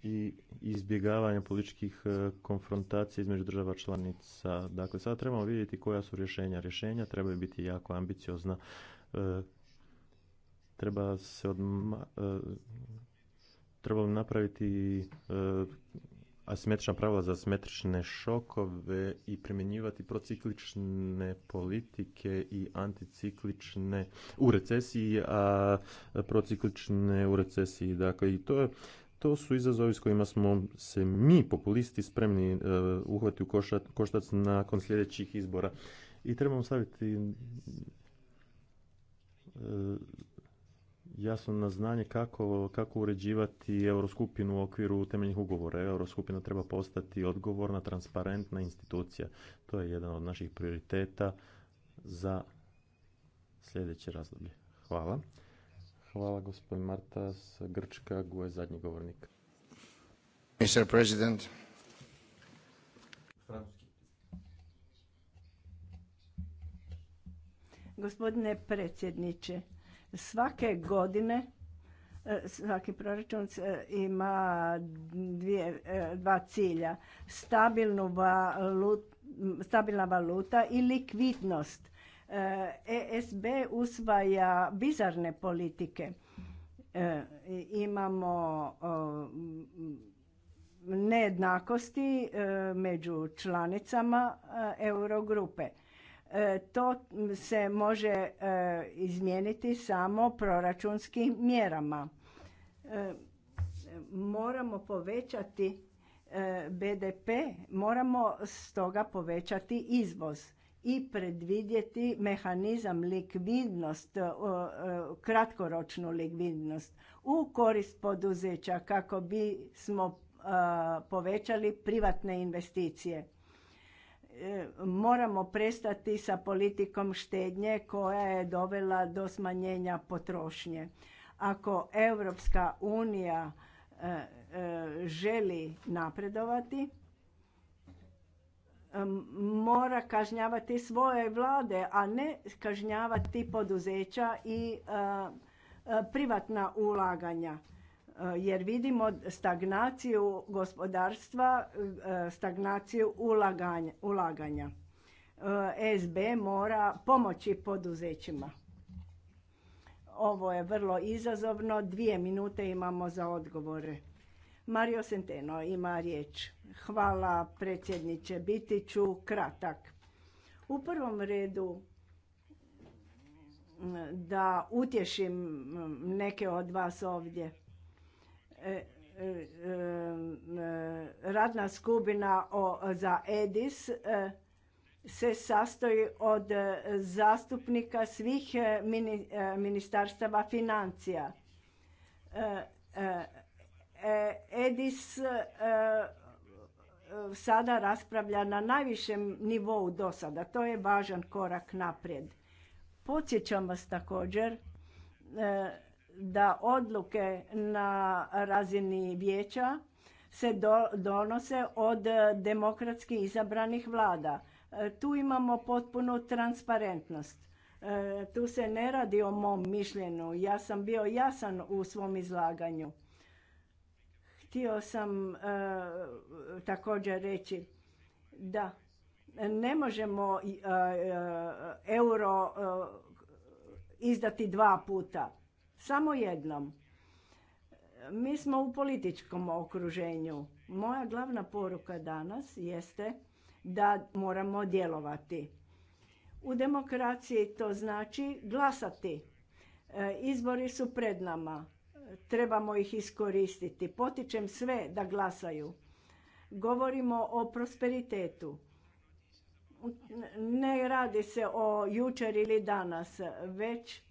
I izbjegavanja političkih e, konfrontacija između država članica. Dakle, sada trebamo vidjeti koja su rješenja. Rješenja trebaju biti jako ambiciozna. E, treba se odma, e, napraviti asimetrična pravila za asimetrične šokove i primjenjivati prociklične politike i anticiklične u recesiji, a prociklične u recesiji. Dakle, i to je to su izazovi s kojima smo se mi populisti spremni uhvatiti e, uhvati u koštac nakon sljedećih izbora. I trebamo staviti e, jasno na znanje kako, kako uređivati Euroskupinu u okviru temeljnih ugovora. Euroskupina treba postati odgovorna, transparentna institucija. To je jedan od naših prioriteta za sljedeće razdoblje. Hvala. Hvala gospodin Martas, Grčka, Gue, zadnji govornik. Mr. President. Gospodine predsjedniče, svake godine e, svaki proračun e, ima dvije, e, dva cilja. Stabilnu stabilna valuta i likvidnost ESB e usvaja bizarne politike. E, imamo nejednakosti e, među članicama Eurogrupe. To se može izmijeniti samo proračunskim mjerama. Moramo povećati BDP, moramo stoga povećati izvoz i predvidjeti mehanizam likvidnost, kratkoročnu likvidnost u korist poduzeća kako bi smo povećali privatne investicije. E, moramo prestati sa politikom štednje koja je dovela do smanjenja potrošnje. Ako Europska unija e, e, želi napredovati, mora kažnjavati svoje vlade, a ne kažnjavati poduzeća i eh, eh, privatna ulaganja. Eh, jer vidimo stagnaciju gospodarstva, stagnaciju ulaganja. SB mora pomoći poduzećima. Ovo je vrlo izazovno. Dvije minute imamo za odgovore. Mario Centeno ima riječ. Hvala predsjedniče, biti ću kratak. U prvom redu da utješim neke od vas ovdje. E, e, e, radna skupina za EDIS se sastoji od zastupnika svih ministarstava financija. E, Edis e, sada raspravlja na najvišem nivou do sada. To je važan korak naprijed. Podsjećam vas također e, da odluke na razini vijeća se donose od demokratski izabranih vlada. Tu imamo potpunu transparentnost. Tu se ne radi o mom mišljenju. Ja sam bio jasan u svom izlaganju Htio sam e, također reći da ne možemo e, e, euro izdati dva puta, samo jednom. Mi smo u političkom okruženju. Moja glavna poruka danas jeste da moramo djelovati. U demokraciji to znači glasati. Izbori su pred nama trebamo ih iskoristiti. Potičem sve da glasaju. Govorimo o prosperitetu. Ne radi se o jučer ili danas, već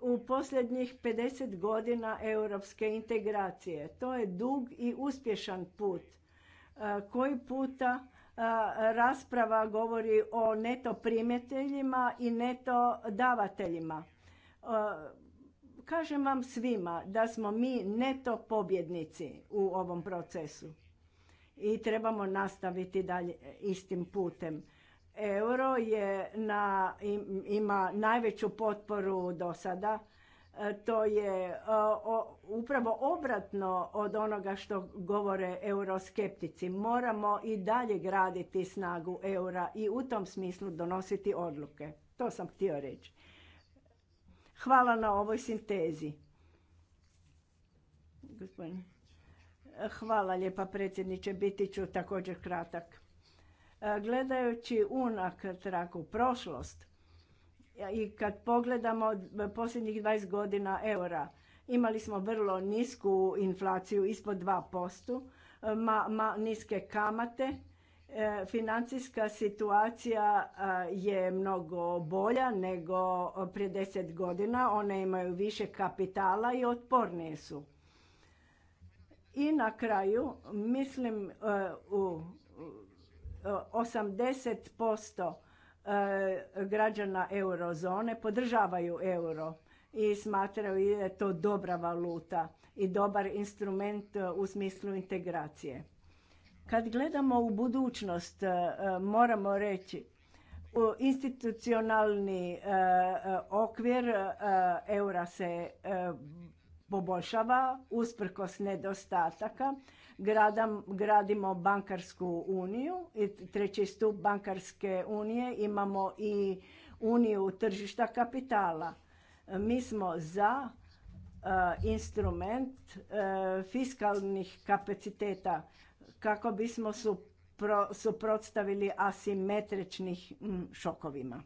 u posljednjih 50 godina europske integracije. To je dug i uspješan put. E, koji puta e, rasprava govori o neto primjeteljima i neto davateljima e, Kažem vam svima da smo mi neto pobjednici u ovom procesu i trebamo nastaviti dalje istim putem. Euro je na, ima najveću potporu do sada. E, to je e, upravo obratno od onoga što govore euroskeptici. Moramo i dalje graditi snagu eura i u tom smislu donositi odluke. To sam htio reći. Hvala na ovoj sintezi. Hvala lijepa predsjedniče, biti ću također kratak. Gledajući unak u prošlost i kad pogledamo posljednjih 20 godina eura, imali smo vrlo nisku inflaciju ispod 2%, ma, ma, niske kamate, E, financijska situacija e, je mnogo bolja nego prije deset godina. One imaju više kapitala i otpornije su. I na kraju, mislim, e, u 80% građana eurozone podržavaju euro i smatraju da je to dobra valuta i dobar instrument u smislu integracije. Kad gledamo u budućnost, e, e, moramo reći, u institucionalni e, okvir eura se poboljšava usprkos nedostataka. gradimo bankarsku uniju i treći stup bankarske unije imamo i uniju tržišta kapitala. Mi smo za instrument fiskalnih kapaciteta kako bismo supro, suprotstavili asimetričnih šokovima.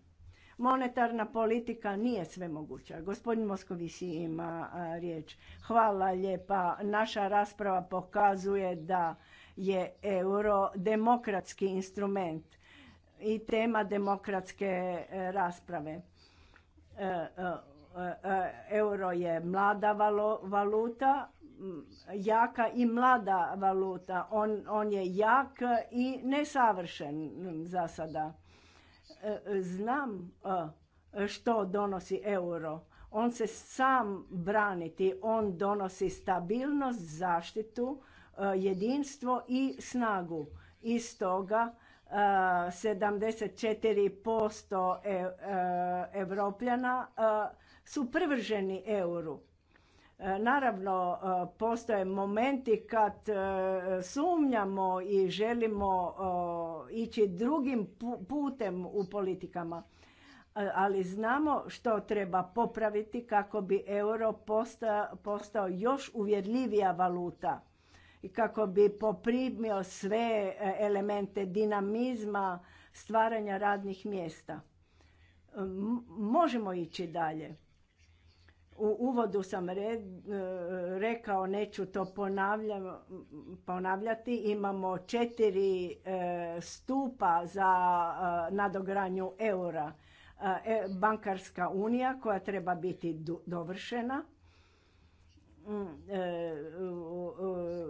Monetarna politika nije sve moguća. Gospodin Moskovisi ima riječ. Hvala lijepa. Naša rasprava pokazuje da je euro demokratski instrument i tema demokratske e, rasprave. E, e, euro je mlada valuta, jaka i mlada valuta. On, on je jak i nesavršen za sada. E, znam e, što donosi euro. On se sam braniti, on donosi stabilnost, zaštitu, e, jedinstvo i snagu. Iz toga 74% evropljana su privrženi euru E, naravno, e, postoje momenti kad e, sumnjamo i želimo ići drugim putem u politikama, ali znamo što treba popraviti kako bi euro postao još uvjerljivija valuta i kako bi poprimio sve elemente dinamizma, stvaranja radnih mjesta. Možemo ići dalje u uvodu sam e, rekao, neću to ponavljati, imamo četiri e, stupa za e, nadogranju eura. Bankarska unija koja treba biti dovršena.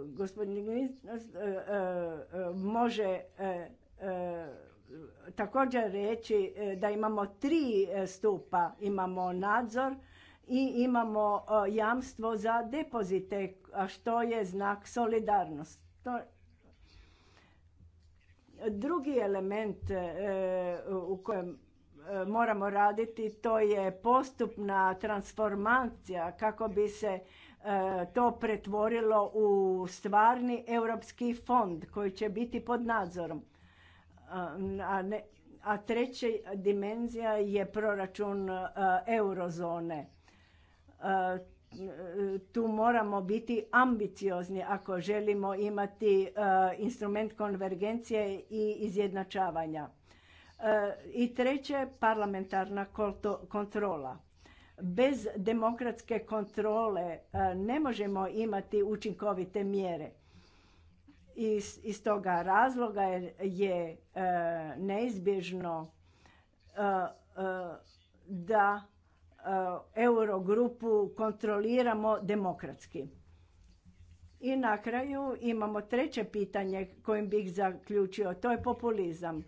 Gospodin može također reći da imamo tri stupa. Imamo nadzor, i imamo e, jamstvo za depozite, što je znak solidarnosti. Drugi element e, u kojem e, moramo raditi to je postupna transformacija kako bi se to pretvorilo u stvarni europski fond koji će biti pod nadzorom. A, ne, a treća dimenzija je proračun eurozone tu moramo biti ambiciozni ako želimo imati e, instrument konvergencije i izjednačavanja. E, I treće, parlamentarna kontrola. Bez demokratske kontrole e, ne možemo imati učinkovite mjere. Iz, toga razloga je neizbježno da E, Eurogrupu kontroliramo demokratski. I na kraju imamo treće pitanje kojim bih zaključio, to je populizam.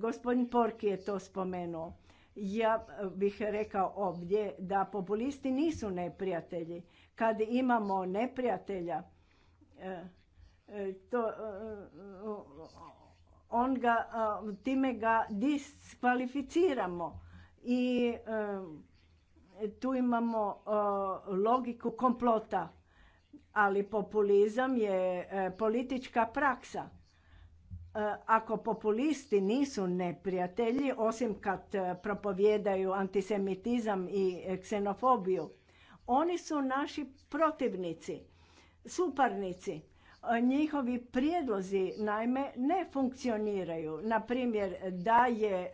Gospodin Porki je to spomenuo. Ja bih rekao ovdje da populisti nisu neprijatelji. Kad imamo neprijatelja, e, e, to, on ga, time ga diskvalificiramo i tu imamo logiku komplota, ali populizam je e, politička praksa. E, ako populisti nisu neprijatelji, osim kad e, propovjedaju antisemitizam i ksenofobiju, oni su naši protivnici, suparnici. Njihovi prijedlozi naime ne funkcioniraju. Na primjer, da je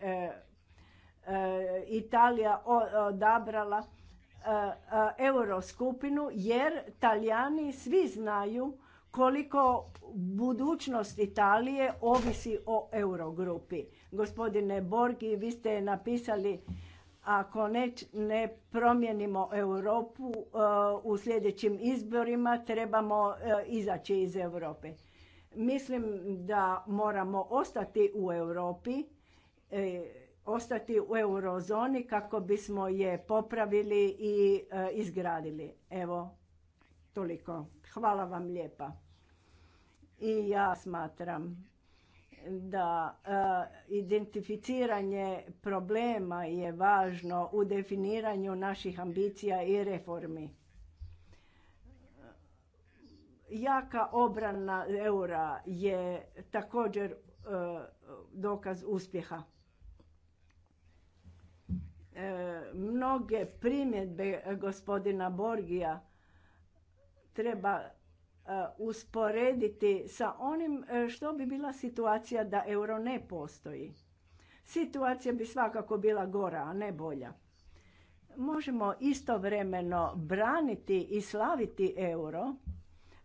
Eh, Italija odabrala eh, eh, euroskupinu jer Talijani svi znaju koliko budućnost Italije ovisi o Eurogrupi. Gospodine Borgi, vi ste napisali ako ne, ne promijenimo Europu u sljedećim izborima, trebamo izaći iz Europe. Mislim da moramo ostati u Europi ostati u eurozoni kako bismo je popravili i e, izgradili. Evo, toliko. Hvala vam lijepa. I ja smatram da e, identificiranje problema je važno u definiranju naših ambicija i reformi. Jaka obrana eura je također e, dokaz uspjeha. E, mnoge primjedbe gospodina Borgija treba e, usporediti sa onim e, što bi bila situacija da euro ne postoji. Situacija bi svakako bila gora, a ne bolja. Možemo istovremeno braniti i slaviti euro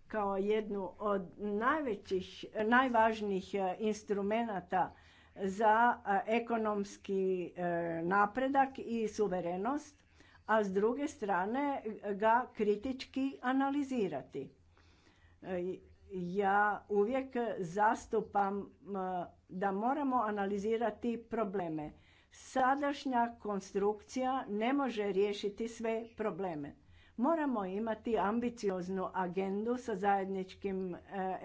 kao jednu od najvećih, najvažnijih instrumenata za ekonomski e, napredak i suverenost, a s druge strane ga kritički analizirati. E, ja uvijek zastupam da moramo analizirati probleme. Sadašnja konstrukcija ne može riješiti sve probleme. Moramo imati ambicioznu agendu sa zajedničkim e,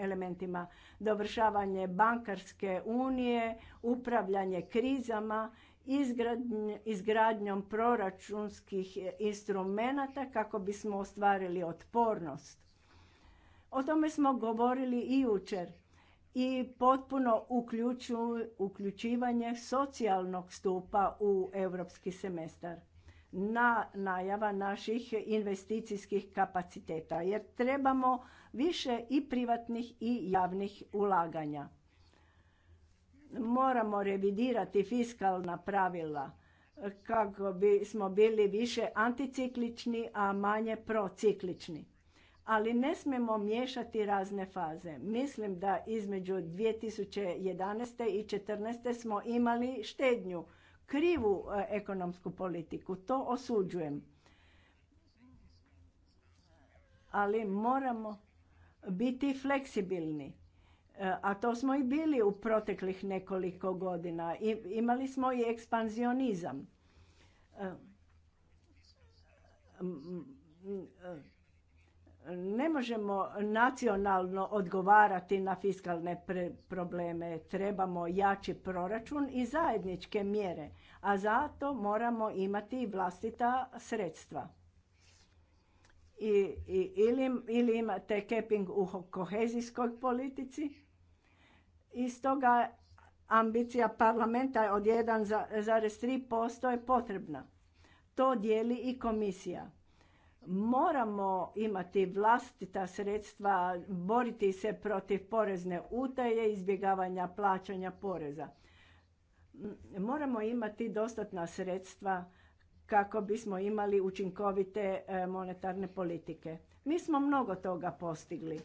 elementima dovršavanje bankarske unije, upravljanje krizama, izgradnjom proračunskih instrumenata kako bismo ostvarili otpornost. O tome smo govorili i jučer i potpuno uključivanje socijalnog stupa u europski semestar na najava naših investicijskih kapaciteta jer trebamo više i privatnih i javnih ulaganja. Moramo revidirati fiskalna pravila kako bismo bili više anticiklični, a manje prociklični. Ali ne smijemo miješati razne faze. Mislim da između 2011. i 2014. smo imali štednju krivu e, ekonomsku politiku. To osuđujem. Ali moramo biti fleksibilni. E, a to smo i bili u proteklih nekoliko godina. I, imali smo i ekspanzionizam. E, ne možemo nacionalno odgovarati na fiskalne probleme. Trebamo jači proračun i zajedničke mjere, a zato moramo imati i vlastita sredstva. I, i, ili, imate keping u kohezijskoj politici. I stoga ambicija parlamenta od 1,3% je potrebna. To dijeli i komisija moramo imati vlastita sredstva, boriti se protiv porezne utaje, izbjegavanja plaćanja poreza. Moramo imati dostatna sredstva kako bismo imali učinkovite e, monetarne politike. Mi smo mnogo toga postigli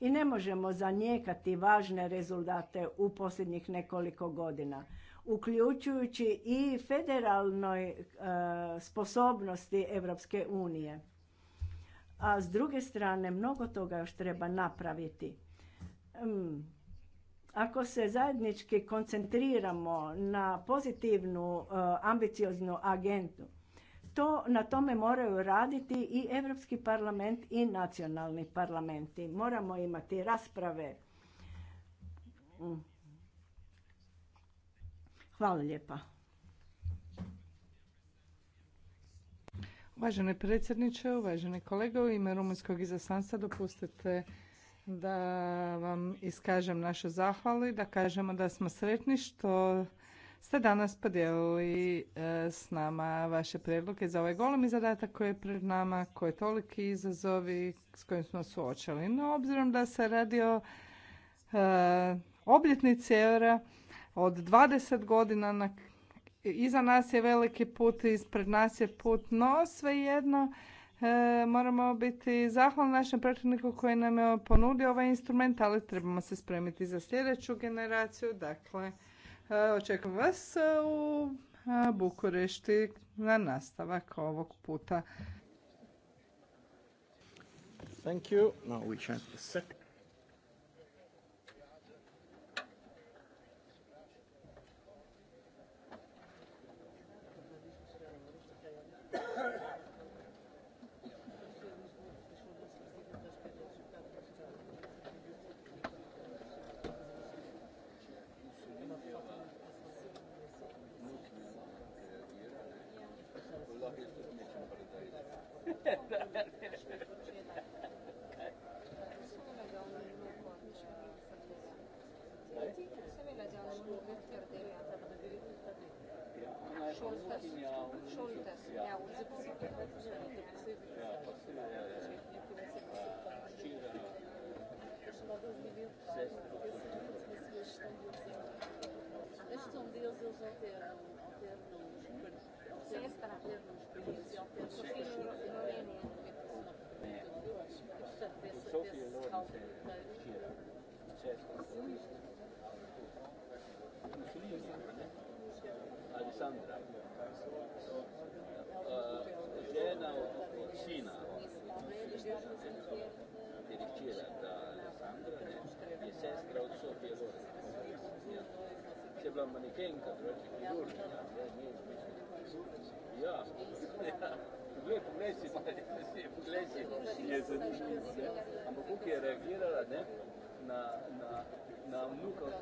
i ne možemo zanijekati važne rezultate u posljednjih nekoliko godina uključujući i federalnoj e, sposobnosti Europske unije a s druge strane mnogo toga još treba napraviti. Ako se zajednički koncentriramo na pozitivnu, e, ambicioznu agendu, to na tome moraju raditi i Europski parlament i nacionalni parlamenti. Moramo imati rasprave. Mm. Hvala lijepa. Uvaženi predsjedniče, uvaženi kolege, u ime rumunjskog izaslanstva dopustite da vam iskažem našu zahvalu i da kažemo da smo sretni što ste danas podijelili e, s nama vaše prijedloge za ovaj golemi zadatak koji je pred nama, koji je toliki izazovi s kojim smo suočili. No, obzirom da se radi o e, obljetnici eura od 20 godina na iza nas je veliki put, ispred nas je put, no svejedno e, moramo biti zahvalni našem prethodniku koji nam je ponudio ovaj instrument, ali trebamo se spremiti za sljedeću generaciju. Dakle, e, očekujem vas e, u Bukurešti na nastavak ovog puta. Thank you. Now we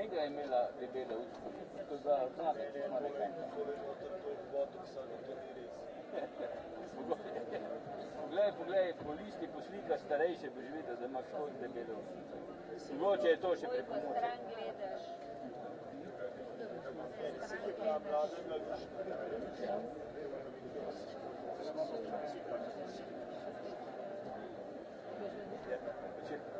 Nekdaj je imela debele usta, to za znane, to smo rekli. Poglej, poglej, po listi poslika starejše boš videl, da ima skoro debele usta. Mogoče je to še pripomoče. Thank you.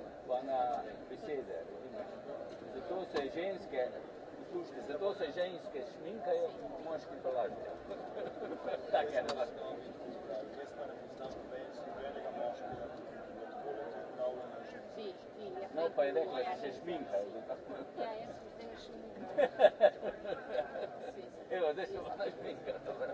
pa na besede. Zato se ženske, slušajte, zato se ženske šminkajo, moški pa lažje. Tako je. na No, pa je rekla, da se šminka. Ja, jaz sem zdaj šminka. <laughs> Evo, zdaj se ona šminka, dobro.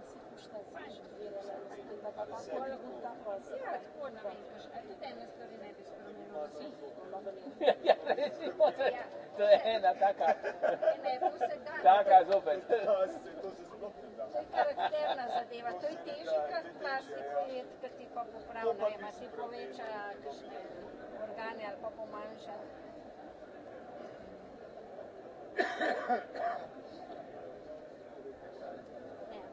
Ja, ja, to je jedna taka, taka To je karakterna zadeva, to je teži ima ti organe ali pa pomanjša.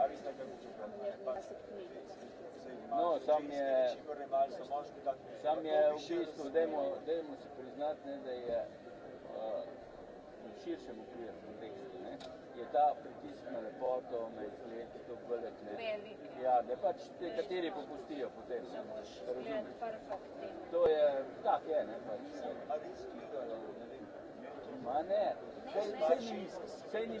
No, sam je, sam je u bistvu, dajmo, dajmo se priznat, ne, da je uh, u širšem okviru kontekstu, ne, je ta pritisk na lepoto, na to velik, ne, ja, da pač popustijo potem, To je, tak je, ne, Ma ne, ni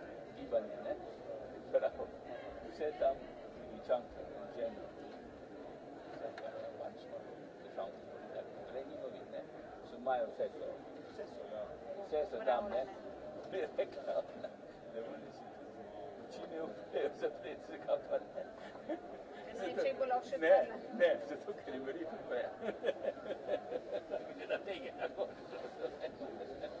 Albania, ne? tam ne? Su Majo Seso, Seso tam, ne? Bi ne učinio, ne, ne. Ne, ne, zato da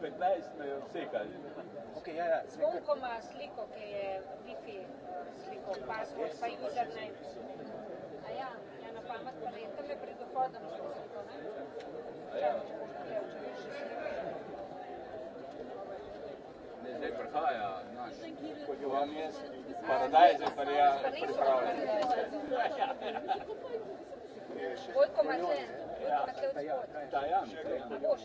15 me je Okay, ja, ja. Zvonko ima sliko, ki je Wi-Fi eh, sliko, password pa username. A ja, ja na pamet pametam, je pred to sliko, ne? A ja. Ne, zdaj prihaja naš, ko vam paradajze pa, pa <laughs> ja pripravljam. Vojko Mazen, Vojko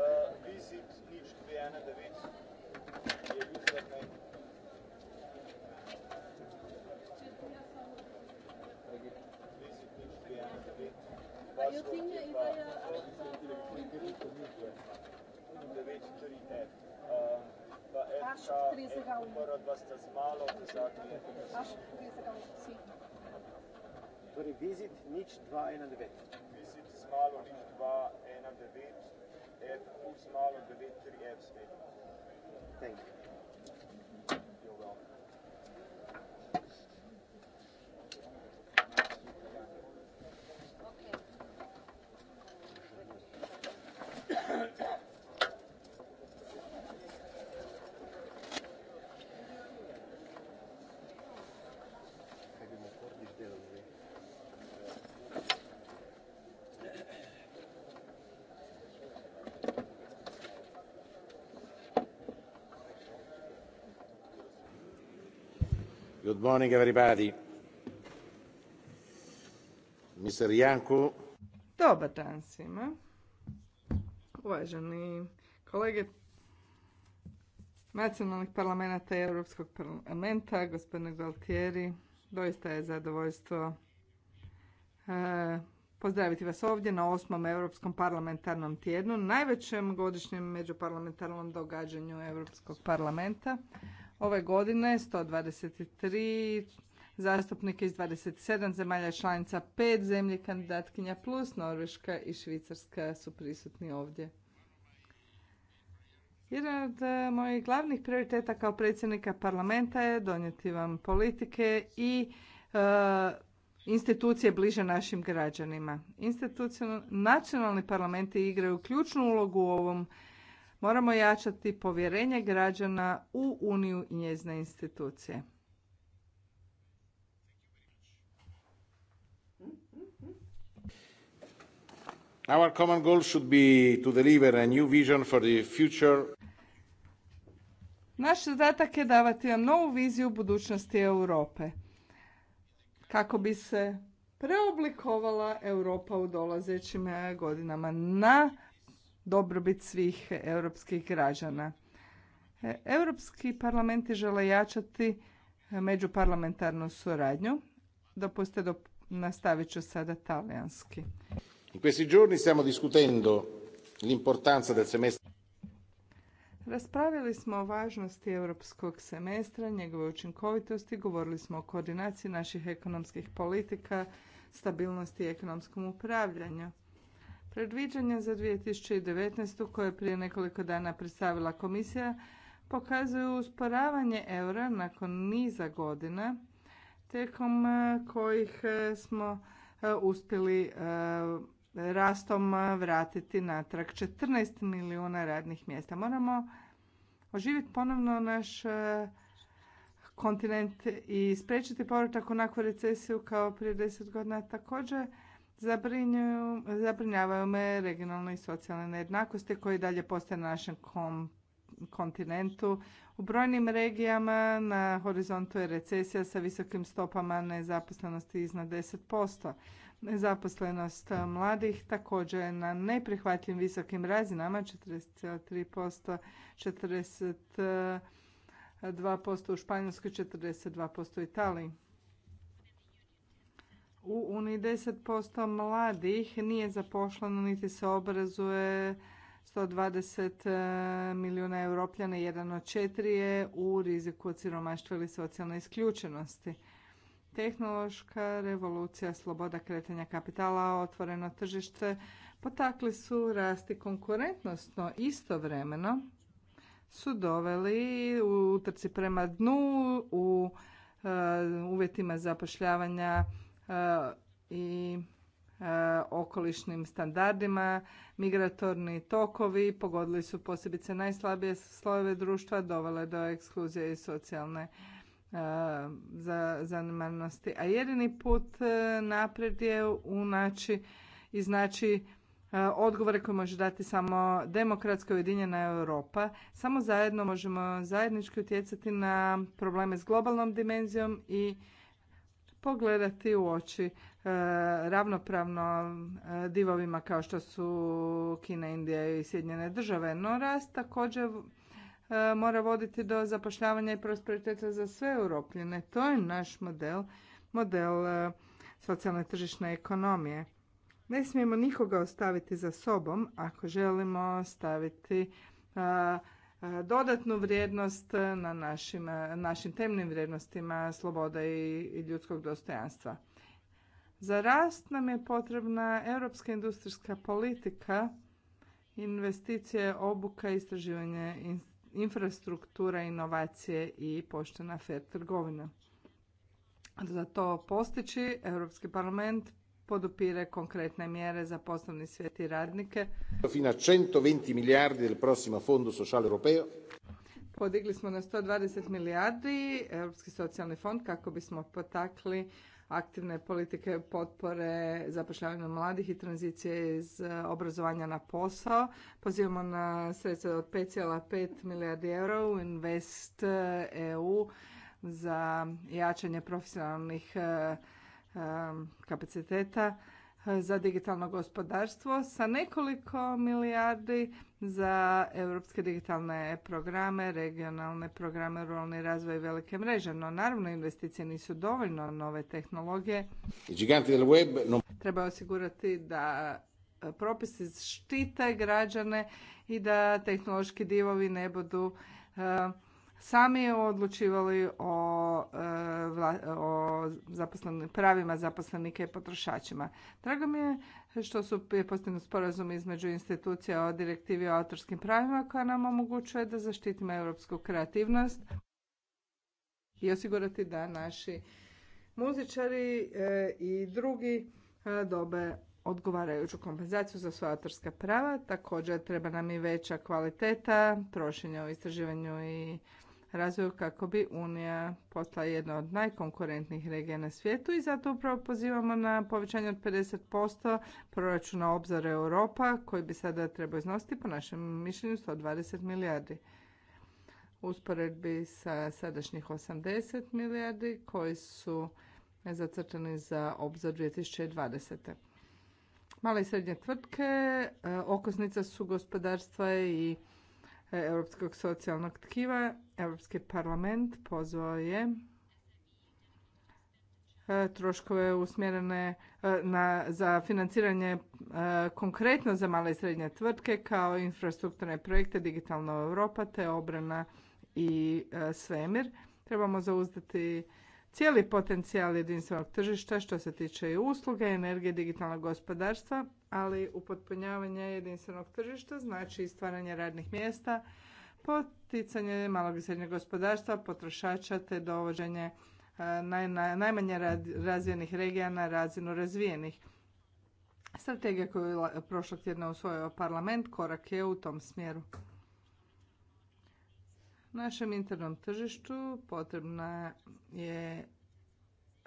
Vizit Niš 2.1.9 je bil fragment. Vizit Niš 2.1.9. Eu tinha ideia Acho que 3 H1. Acho que 3 H1, sim. Torej, vizit nič 219. Vizit z nič 219. Ett F bevittrighet. Thank you. Dobar dan svima. Uvaženi kolege nacionalnih parlamenta i Europskog parlamenta, gospodine Galtieri, doista je zadovoljstvo e, pozdraviti vas ovdje na osmom Europskom parlamentarnom tjednu, najvećem godišnjem međuparlamentarnom događanju Europskog parlamenta. Ove godine 123 zastupnike iz 27 zemalja članica, 5 zemlje, kandidatkinja plus Norveška i Švicarska su prisutni ovdje. Jedan od e, mojih glavnih prioriteta kao predsjednika parlamenta je donijeti vam politike i e, institucije bliže našim građanima. Nacionalni parlamenti igraju ključnu ulogu u ovom Moramo jačati povjerenje građana u Uniju i njezne institucije. Our common goal should be to deliver a new vision for the future. Naš zadatak je davati novu viziju budućnosti Europe kako bi se preoblikovala Europa u dolazećim eh, godinama na dobrobit svih europskih građana. E, Europski parlamenti žele jačati međuparlamentarnu suradnju. Dopustite, nastavit ću sada talijanski. Raspravili smo o važnosti europskog semestra, njegove učinkovitosti, govorili smo o koordinaciji naših ekonomskih politika, stabilnosti i ekonomskom upravljanju. Predviđanja za 2019. koje je prije nekoliko dana predstavila komisija pokazuju usporavanje eura nakon niza godina tijekom e, kojih e, smo e, uspjeli rastom vratiti natrag 14 milijuna radnih mjesta. Moramo oživjeti ponovno naš kontinent i spriječiti povratak onakvu recesiju kao prije 10 godina. Također zabrinjavaju me regionalne i socijalne nejednakosti koje dalje postoje na našem kontinentu. U brojnim regijama na horizontu je recesija sa visokim stopama nezaposlenosti iznad 10%. Nezaposlenost mladih također je na neprihvatljivim visokim razinama 43%, 42% u Španjolskoj, 42% u Italiji. U Uniji 10% mladih nije zaposleno niti se obrazuje 120 e, milijuna europljana, jedan od četiri je u riziku od siromaštva ili socijalne isključenosti. Tehnološka revolucija, sloboda kretanja kapitala, otvoreno tržište potakli su rasti konkurentnostno istovremeno su doveli u utrci prema dnu u e, uvjetima zapošljavanja E, i e, okolišnim standardima. Migratorni tokovi pogodili su posebice najslabije slojeve društva, dovele do ekskluzije i socijalne e, za zanimanosti. A jedini put naprijed je i znači odgovore koje može dati samo demokratska ujedinjena Europa. Samo zajedno možemo zajednički utjecati na probleme s globalnom dimenzijom i pogledati u oči e, ravnopravno e, divovima kao što su Kina, Indija i Sjedinjene države. No rast također e, mora voditi do zapošljavanja i prosperiteta za sve Europljene. To je naš model, model socijalne tržišne ekonomije. Ne smijemo nikoga ostaviti za sobom ako želimo staviti dodatnu vrijednost na našim, našim temnim vrijednostima sloboda i ljudskog dostojanstva. Za rast nam je potrebna europska industrijska politika, investicije, obuka, istraživanje, infrastruktura, inovacije i poštena fer trgovina. Za to postići Europski parlament podupire konkretne mjere za poslovni svijet i radnike. 120 milijardi del Podigli smo na 120 milijardi Europski socijalni fond kako bismo potakli aktivne politike potpore zapošljavanju mladih i tranzicije iz e, obrazovanja na posao. Pozivamo na sredstva od 5,5 milijardi eura u Invest EU e za jačanje profesionalnih e, kapaciteta eh, za digitalno gospodarstvo sa nekoliko milijardi za europske digitalne programe, regionalne programe, ruralni razvoj i velike mreže. No naravno investicije nisu dovoljno nove tehnologije. Treba osigurati da eh, propisi štite građane i da tehnološki divovi ne budu eh, sami odlučivali o, e, o pravima zaposlenike i potrošačima. Drago mi je što su postignut sporazum između institucija o direktivi o autorskim pravima koja nam omogućuje da zaštitimo europsku kreativnost i osigurati da naši muzičari e, i drugi e, dobe odgovarajuću kompenzaciju za svoja autorska prava. Također treba nam i veća kvaliteta trošenja u istraživanju i razvoju kako bi Unija postala jedna od najkonkurentnijih regija na svijetu i zato upravo pozivamo na povećanje od 50% proračuna obzora Europa koji bi sada trebao iznositi po našem mišljenju 120 milijardi usporedbi sa sadašnjih 80 milijardi koji su zacrtani za obzor 2020. Male i srednje tvrtke, e, okosnica su gospodarstva i E, europskog socijalnog tkiva, Europski parlament pozvao je e, troškove usmjerene e, na, za financiranje konkretno za male i srednje tvrtke kao infrastrukturne projekte Digitalna Europa te obrana i svemir. Trebamo zauzdati cijeli potencijal jedinstvenog tržišta što se tiče i usluge, energije, digitalnog gospodarstva ali upotpunjavanje jedinstvenog tržišta znači stvaranje radnih mjesta, poticanje malog i srednjeg gospodarstva, potrošača te dovođenje e, najmanje razvijenih regija na razinu razvijenih. Strategija koju je prošlog tjedna usvojio parlament korak je u tom smjeru. Našem internom tržištu potrebna je e,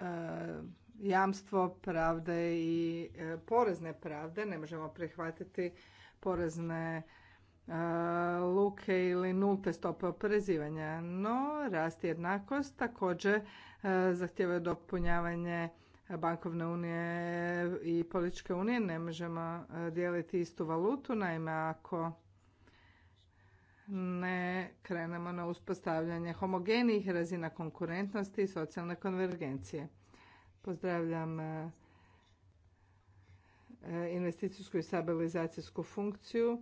jamstvo pravde i e, porezne pravde. Ne možemo prihvatiti porezne e, luke ili nulte stope oporezivanja. No, rast i jednakost također e, zahtijevaju dopunjavanje bankovne unije i političke unije. Ne možemo dijeliti istu valutu, naime ako ne krenemo na uspostavljanje homogenijih razina konkurentnosti i socijalne konvergencije. Pozdravljam e, e, investicijsku i stabilizacijsku funkciju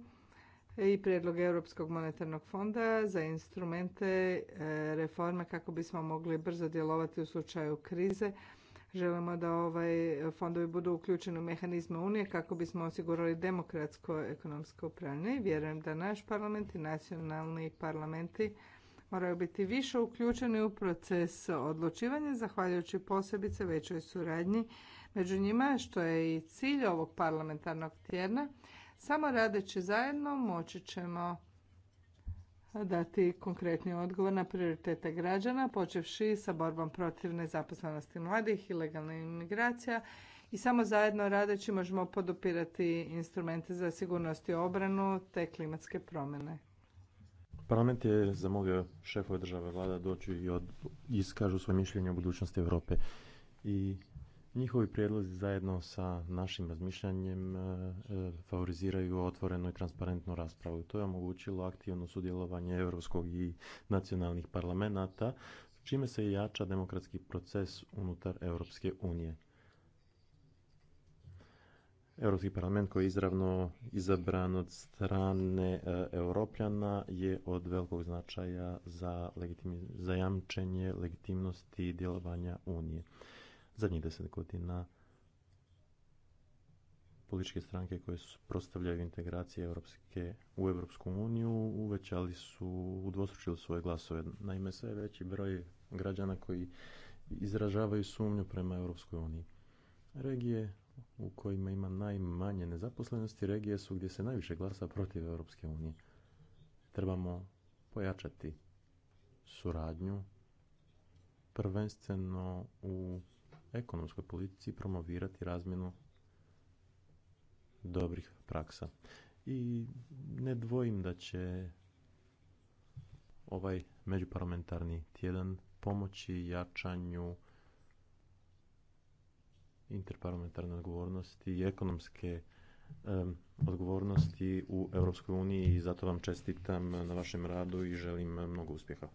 i prijedlog Europskog monetarnog fonda za instrumente e, reforme kako bismo mogli brzo djelovati u slučaju krize. Želimo da ovaj fondovi budu uključeni u mehanizme Unije kako bismo osigurali demokratsko ekonomsko upravljanje. Vjerujem da naš parlament i nacionalni parlamenti moraju biti više uključeni u proces odlučivanja, zahvaljujući posebice većoj suradnji među njima, što je i cilj ovog parlamentarnog tjedna. Samo radeći zajedno moći ćemo dati konkretni odgovor na prioritete građana, počevši sa borbom protiv nezaposlenosti mladih, ilegalnih imigracija i samo zajedno radeći možemo podupirati instrumente za sigurnost i obranu te klimatske promjene. Parlament je zamolio šefove države vlada doći i od, iskažu svoje mišljenje o budućnosti Europe. I njihovi prijedlozi zajedno sa našim razmišljanjem e, e, favoriziraju otvorenu i transparentnu raspravu. To je omogućilo aktivno sudjelovanje europskog i nacionalnih parlamenata, čime se jača demokratski proces unutar Europske unije. Europski parlament koji je izravno izabran od strane e, europljana je od velikog značaja za zajamčenje legitimnosti djelovanja Unije. Zadnjih deset godina političke stranke koje prostavljaju integracije Europske, u EU uniju uvećali su, udvostručili svoje glasove. Naime, sve veći broj građana koji izražavaju sumnju prema Europskoj uniji. Regije u kojima ima najmanje nezaposlenosti regije su gdje se najviše glasa protiv Europske unije. Trebamo pojačati suradnju prvenstveno u ekonomskoj politici promovirati razmjenu dobrih praksa. I ne dvojim da će ovaj međuparlamentarni tjedan pomoći jačanju interparlamentarne odgovornosti i ekonomske odgovornosti u Europskoj uniji i zato vam čestitam na vašem radu i želim mnogo uspjeha.